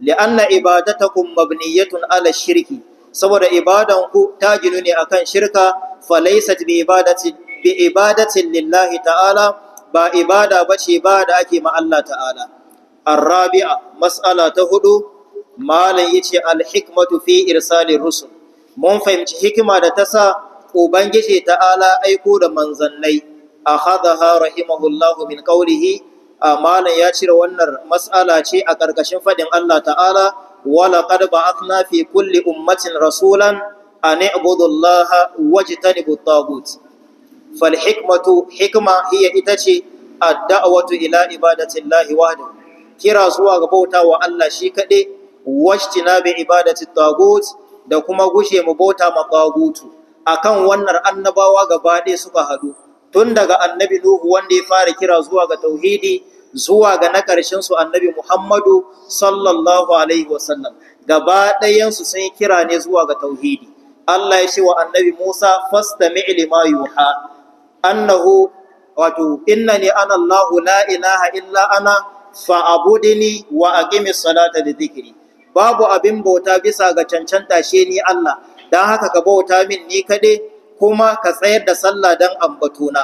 li'anna ibadatakum mabniyatun ala shirki saboda ibadan ku ta ginu ne akan shirka falaysat bi ibadati bi ibadatin lillahi ta'ala ba ibada bace ba da ake ma Allah ta'ala arrabi'a mas'ala ta hudu malam yace al-hikmatu fi irsalin rusul mun fahimci hikima da ta sa ubangiji ta'ala aiko da manzannai akhadha rahimahullahu min a malam ya cire wannan mas'ala ce a ƙarƙashin faɗin Allah ta'ala wala ba ba'athna fi kulli ummatin rasulan a i'budu Allah wajtanibu fal hikmatu hikma hiya ita ce ad-da'watu ila ibadatillahi wahdahu kira zuwa ga wa Allah shi kade washtina bi ibadati tagut da kuma gushe mu bauta ma tagutu akan wannan annabawa gaba ɗaya suka hadu tun daga annabi nuhu wanda ya fara kira zuwa ga tauhidi zuwa ga na ƙarshensu su annabi Muhammadu sallallahu alaihi wasallam gaba ɗayansu su sun kira ne zuwa ga tauhidi Allah ya ce wa annabi Musa fastami' lima yuha annahu wato innani ana Allahu la ilaha illa ana fa'abudini wa aqimi salata da zikiri babu abin bauta bisa ga cancanta she ni Allah dan haka ka bauta min ni kade kuma ka tsayar da sallah dan na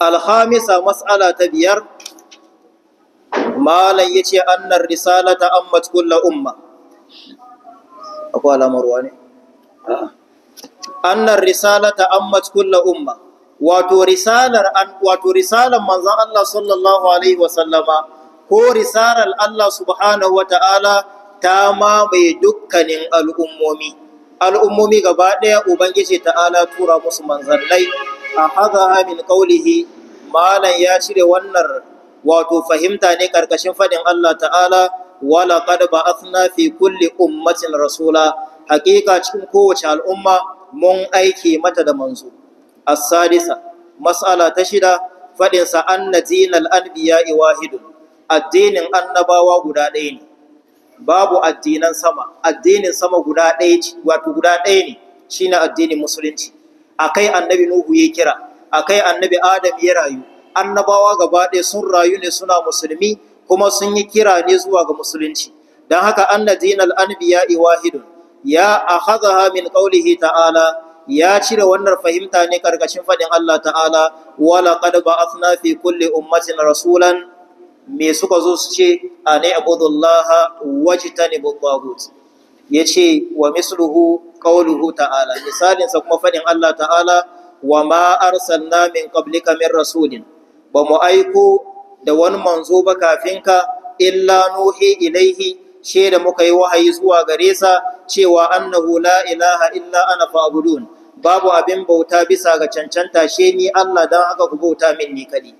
alhamisa mas'ala ta biyar malan yace annar risalata ammat kullu umma akwai alamar wani a'a annar risalata ammat kulla umma wato risalar wato risalar manzon Allah sallallahu alaihi ko risalar Allah subhanahu ta'ala ta mamaye dukkanin al'ummomi al'ummomi gaba ɗaya ubangiji ta'ala tura musu manzannai a hadaha min qawlihi malan ya cire wannan wato fahimta ne karkashin fadin Allah ta'ala wala qad ba'athna fi kulli ummatin rasula haƙiƙa cikin kowace al'umma mun aike mata da manzo as-sadisa mas'ala ta shida fadin sa anna dinal anbiya'i wahidun addinin annabawa guda ɗaya ne babu addinan sama addinin sama guda ɗaya ce wato guda ɗaya ne shine addinin musulunci akai annabi nuhu ya kira akai annabi adam ya rayu annabawa gaba ɗaya sun rayu ne suna musulmi kuma sun yi kira ne zuwa ga musulunci don haka anna dinal anbiya'i wahidun ya akhadha min qawlihi ta'ala ya cire wannan fahimta ne karkashin faɗin Allah ta'ala, wala laqad ba'athna fi kulle ummatin rasulan me suka zo su ce a abudullaha waji ta yace wa misluhu qawluhu ta'ala, misalinsa kuma faɗin Allah ta'ala wa arsalna min qablika min rasulin, ba mu aiko da wani manzo ba kafinka illa nuhi ilaihi she da muka yi wahayi zuwa gare sa cewa annahu la ilaha illa ana fa'budun babu abin bauta bisa ga cancanta she ni Allah dan haka ku bauta min ni kadi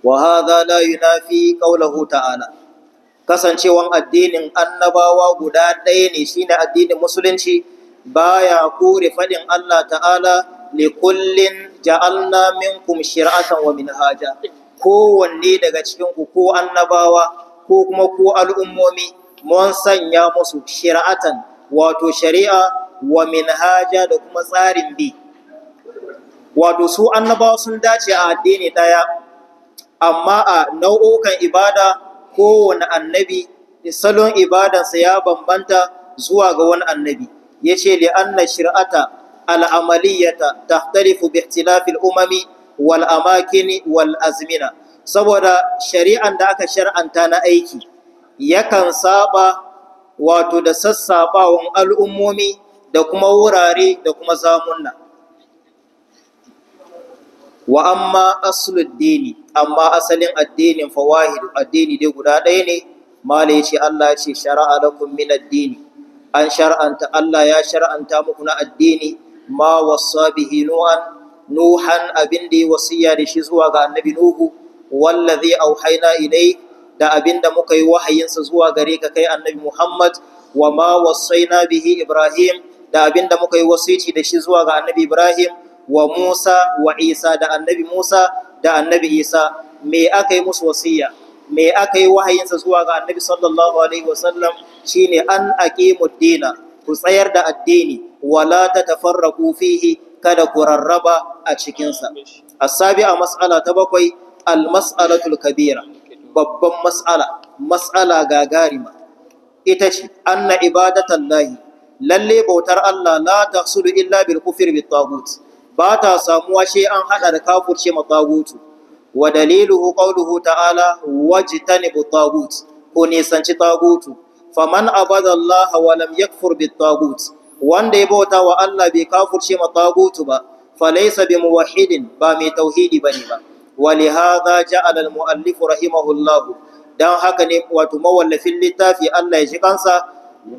wa hadha la yunafi qawluhu ta'ala kasancewan addinin annabawa guda ɗaya ne shine addinin musulunci baya kore fadin Allah ta'ala li kullin ja'alna minkum shir'atan wa minhaja kowanne daga cikin ku ko annabawa ko kuma ko al'ummomi mun sanya musu shari'atan wato shari'a wa minhaja da kuma tsarin bi wato su annabawa sun dace a addini ɗaya amma a nau'ukan ibada kowane annabi salon ibadansa ya bambanta zuwa ga wani annabi ya ce li'anna shir'ata al'amaliyata tahtarifu bi ihtilafil umami wal amakini wal azmina saboda shari'an da aka shar'anta na aiki yakan saba wato da sassabawan al'ummomi da kuma wurare da kuma zamunna wa amma asuluddini amma asalin addinin fawahid addini dai guda ɗaya ne mala ya ce Allah ce shara'a lakum min addini an shar'anta Allah ya shar'anta muku na addini ma wasa bihi nuhan nuhan abin da ya wasiya da shi zuwa ga annabi nuhu wallazi auhayna ilai da abinda muka yi wahayinsa zuwa gare ka kai annabi Muhammad wa ma wasaina bihi Ibrahim da abinda muka yi wasici da shi zuwa ga annabi Ibrahim wa Musa wa Isa da annabi Musa da annabi Isa me aka yi musu wasiya me aka yi wahayinsa zuwa ga annabi sallallahu alaihi wasallam shine an aqimud dina ku tsayar da addini wala tatafarraqu fihi kada ku rarraba a cikin sa asabi a mas'ala ta bakwai almasalatul kabira babban mas'ala mas'ala gagarima ita ce anna ibadatan lahi lalle bautar Allah la sulu illa bil kufri bit taghut ba ta samuwa shi an hada da kafurce ma taghutu wa daliluhu qawluhu ta'ala wajtanibu taghut ko nisanci taghutu faman abada Allah wa lam yakfur bit wanda ya bauta wa Allah bai kafurce ma tagutu ba falaisa bi muwahhidin ba mai tauhidi bane ba ولهذا جعل المؤلف رحمه الله dan haka ne wato mawallafin littafi Allah ya shi kansa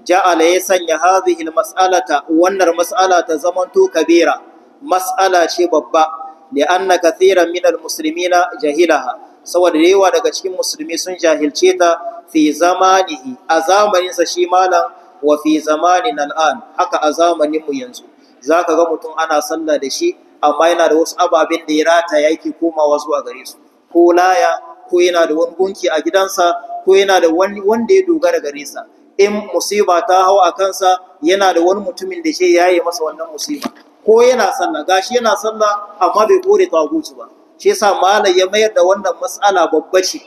ja'ala ya sanya hadhihi almas'alata wannan mas'ala ta zamanto kabira mas'ala ce babba li anna kathiran min almuslimina jahilaha saboda yawa daga cikin musulmi sun jahilce ta fi zamanihi a sa shi malam wa fi zamanin al'an haka a zamanin mu yanzu zaka ga mutum ana sallah da shi amma yana da wasu ababen da ya ya yake komawa zuwa gare su ko laya ko yana da wani gunki a gidansa ko yana da wanda ya dogara gare sa in musiba ta hau a kansa yana da wani mutumin da shi yaye masa wannan musiba ko yana sallah gashi yana sallah amma bai kore taguci ba shi yasa malai ya mayar da wannan matsala babba ce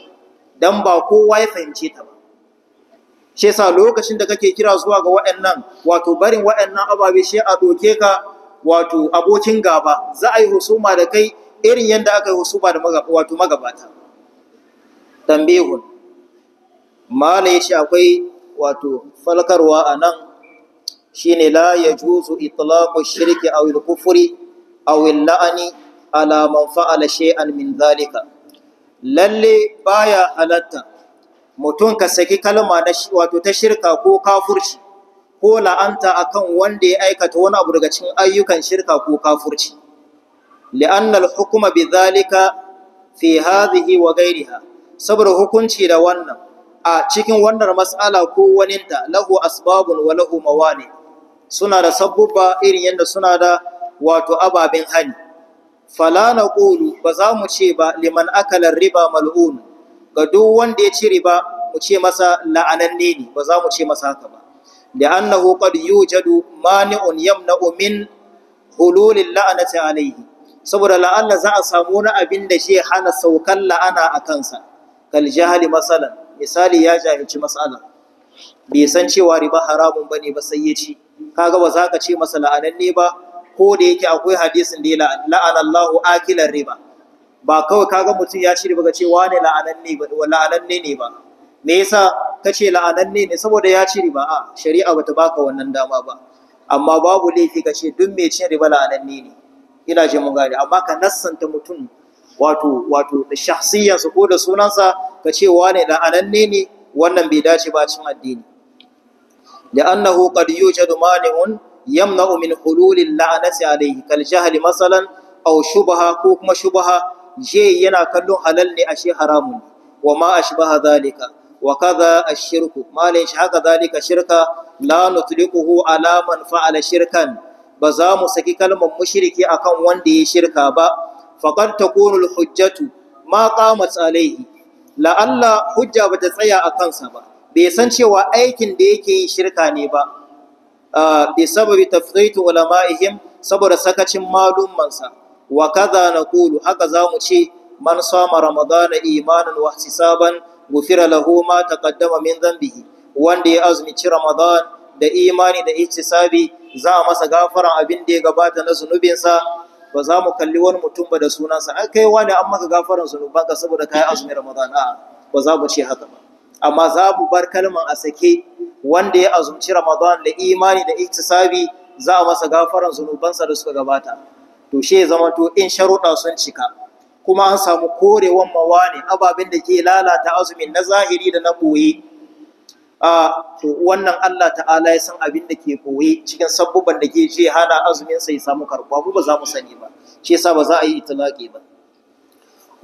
dan ba kowa ya fahimce ta ba shi yasa lokacin da kake kira zuwa ga waɗannan wato barin waɗannan ababe shi a doke ka wato abokin gaba za a yi husuma da kai irin yadda aka yi husuma da wato magabata tambihun mala yace akwai wato falkarwa anan shine la yajuzu itlaƙun shirki aw al-kufri aw al la'ani, ala man fa'ala shay'an min zalika lalle baya halatta mutum ka saki kalma wato ta shirka ko kafurci ko la'anta a kan wanda ya aikata wani abu daga cikin ayyukan shirka ko kafurci Li'annal hukuma hukuma zalika fi hazihi wa Gairiha, saboda hukunci da wannan a cikin wannan mas'ala ko waninta lahu asbabun wa lahu mawani suna da sabubba irin yadda suna da wato ababen hani fala Kulu ba za mu ce ba liman akalar riba mal'un ga duk wanda ya ci riba mu ce masa la'ananne ne ba za mu ce masa haka ba لأنه قد يوجد مانع يمنع من حلول اللعنة عليه saboda la'alla za a samu wani abin da shi hana saukan la'ana a kansa kal jahali masalan misali ya jahilci masala bai san cewa riba haramun bane ba sai ya ci kaga ba za ka ce masa la'ananne ba ko da yake akwai hadisin da la'ana Allahu akilan riba ba kawai kaga mutum ya ci riba ga cewa ne la'ananne ne ba me yasa kace la'ananne ne saboda ya ci riba a shari'a bata baka wannan dama ba amma babu laifi ka ce duk mai cin riba la'ananne ne ina ji mun gane amma ka nassanta mutum wato wato da sa ko da sunansa kace wane la'ananne ne wannan bai dace ba cikin addini da annahu qad yujadu mani'un yamna'u min hululil la'anati alayhi kal jahli masalan aw shubha ko kuma shubha je yana kallon halal ne ashe haramun wa ma ashbaha zalika wa kaza ashirku malai shi haka zalika shirka la nutliquhu ala man fa'ala shirkan ba za mu saki kalmar mushriki akan wanda ya shirka ba faqad takunu hujjatu ma qamat alaihi la alla hujja bata tsaya akan sa ba bai san cewa aikin da yake yi shirka ne ba bi sababi tafdaitu ulama'ihim saboda sakacin malumansa wa kaza naqulu haka za mu ce man sama ramadana imanan wa ihtisaban gufira lahu ma taqaddama min dhanbihi wanda ya azumi ci ramadan da imani da ihtisabi za a masa gafaran abin da ya gabata na zunubinsa ba za mu kalli wani mutum ba da sunansa An kai wani an maka gafaran zunubanka saboda kai azumi ramadan a ba za mu ce haka ba amma za mu bar kalman a sake wanda ya azumci ramadan da imani da ihtisabi za a masa gafaran zunubansa da suka gabata to she zama to in sharuɗa sun cika kuma an samu korewan mawani ababen da ke lalata azumin na zahiri da na boye a to wannan Allah ta'ala ya san abin da ke boye cikin sabbuban da ke ce hana azumin sai samu karkuwa, mu ba za mu sani ba shi yasa ba za a yi itilaki ba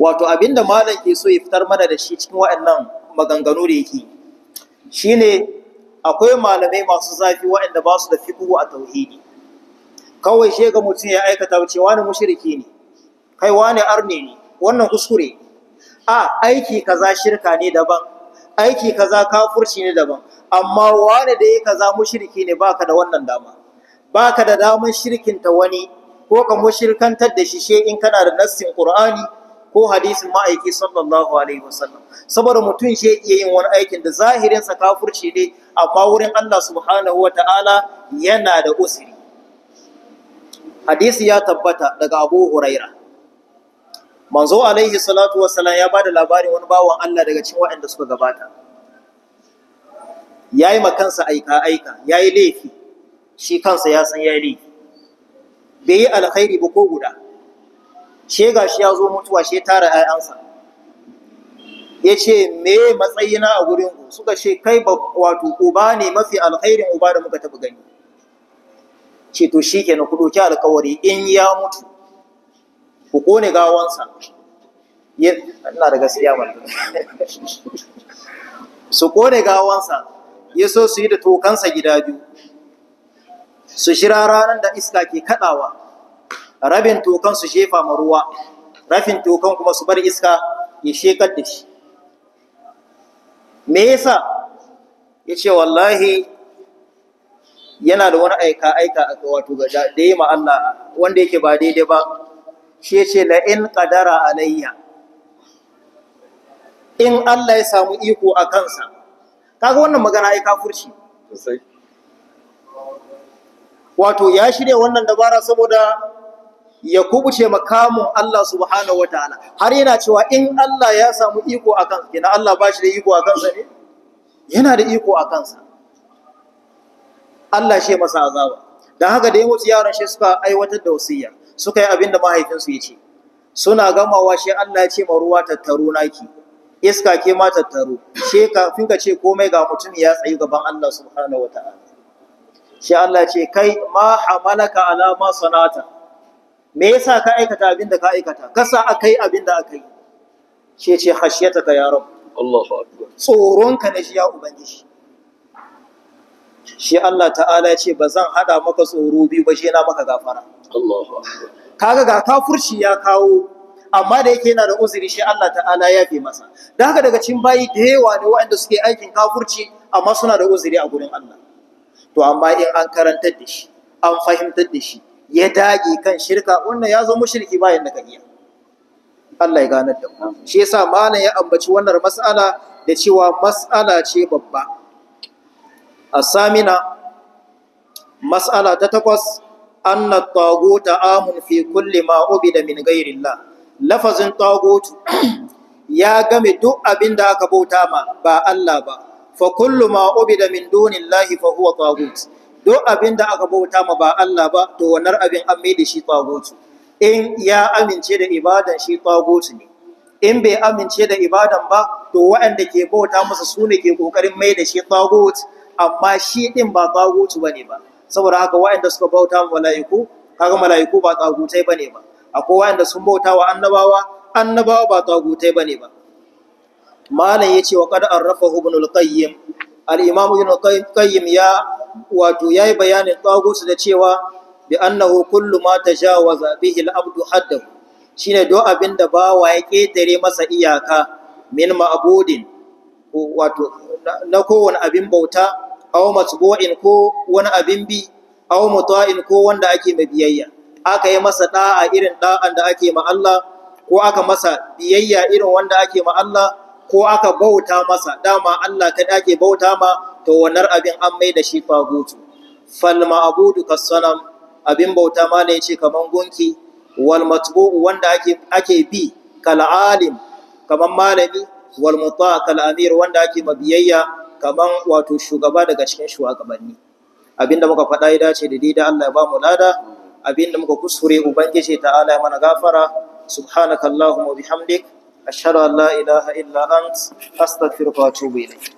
wato abin da malam ke so ya fitar mana da shi cikin waɗannan maganganu da yake shine akwai malamai masu zafi waɗanda ba su da fiqhu a tauhidi kawai shega mutum ya aikata cewa ne mushriki ne kai wane arne ne wannan kuskure a aiki kaza shirka ne daban aiki kaza kafurci ne daban amma wane da yake kaza mushriki ne baka da wannan dama baka da daman ta wani ko ka mushirkantar da shi she in kana da nassin qur'ani ko hadisin ma'aiki sallallahu alaihi wasallam saboda mutum she iya yin wani aikin da zahirin sa kafurci ne amma wurin Allah subhanahu wataala yana da usiri hadisi ya tabbata daga Abu Hurairah manzo alaihi salatu wassalam ya bada labarin wani bawan Allah daga cikin waɗanda suka gabata yayi kansa aika aika yayi laifi shi kansa ya san yayi laifi bai yi alkhairi ba ko guda she shi ya zo mutuwa she tara 'ya'yansa. ya ce me matsayina a gurin ku suka ce kai wato uba ne mafi alkhairin uba da muka tafi gani ce to shi kenan ku ɗauki alkawari in ya mutu ku ƙone gawansa da gaskiya su ƙone gawansa ya so su yi da tokansa gida biyu su shira ranar da iska ke kaɗawa rabin tokan su shefa ma ruwa rafin tokan kuma su bar iska ya shekar da shi me yasa ya ce wallahi yana da wani aika aika wato ga da yi Allah wanda yake ba daidai ba shi ce la in kadara alayya in Allah ya samu iko a kansa kaga wannan magana ai kafirci wato ya shirya wannan dabara saboda ya kubuce makamun Allah subhanahu wataala har yana cewa in Allah ya samu iko a kansa kina Allah ba shi da iko a kansa ne yana da iko a kansa Allah shi masa azaba dan haka da yi wuce yaran shi suka aiwatar da wasiyya suka yi abin da mahaifinsu ya ce suna gamawa shi Allah ya ce ma ruwa tattaro naki iska ke ma tattaro she kafin ka ce komai ga mutum ya tsayi gaban Allah subhanahu wataala shi Allah ce kai ma hamalaka ala ma sanata me yasa ka aikata abin da ka aikata kasa akai abin da akai she ce ka ya rabb Allahu akbar tsoronka ne shi ya ubangiji shi Allah ta'ala ya ce ba zan haɗa maka tsoro biyu ba shi na maka gafara kaga ga kafurci ya kawo amma da yake yana da uzuri shi Allah ta'ala ya fi masa da haka daga cikin bayi da yawa ne waɗanda suke aikin kafurci amma suna da uzuri a gurin Allah to amma in an karantar da shi an fahimtar da shi ya dage kan shirka wannan ya zo mushriki bayan da ka Allah ya ganar da mu shi yasa malam ya ambaci wannan mas'ala da cewa mas'ala ce babba asamina mas'ala ta takwas anna ta amun fi kulli ma da min ghairillah lafazin tagutu ya game duk abin da aka bauta ma ba Allah ba fa kullu ma da min dunillahi fa huwa tagut duk abin da aka bauta ma ba Allah ba to wannan abin an mai da shi tagutu in ya amince da ibadan shi tagutu ne in bai amince da ibadan ba to waɗanda ke bauta masa su ne ke kokarin mai da shi tagutu amma shi din ba tsagutu bane ba saboda haka waɗanda suka bauta wa mala'iku kaga mala'iku ba tsagutai bane ba akwai waɗanda sun bauta wa annabawa annabawa ba tsagutai bane ba malam yace wa qad arrafa ibn al-qayyim al-imam ibn al-qayyim ya wato yayi bayanin tsagutu da cewa bi annahu kullu ma tajawaza bihi al-abdu haddahu shine do abinda bawa ya ketare masa iyaka min ma'budin wato na kowane abin bauta aw matbu'in ko wani abin bi aw muta'in ko wanda ake ma biyayya? aka yi masa da'a irin da'an da ake ma Allah ko aka masa biyayya irin wanda ake ma Allah ko aka bauta masa dama Allah ka dake bauta ma to wannan abin an mai da shi fagutu fal ma'budu kasanam abin bauta ma ne ce kaman gunki wal matbu'u wanda ake ake bi kal alim kaman malami wal muta kal amir wanda ake ma biyayya. kaman wato shugaba daga cikin shugabanni abinda muka faɗa ya dace da daidai Allah ya ba mu lada abinda muka kuskure ubangiji ta'ala ya mana gafara subhanakallahumma bihamdik ashhadu an la ilaha illa ant astaghfiruka wa atubu ilayk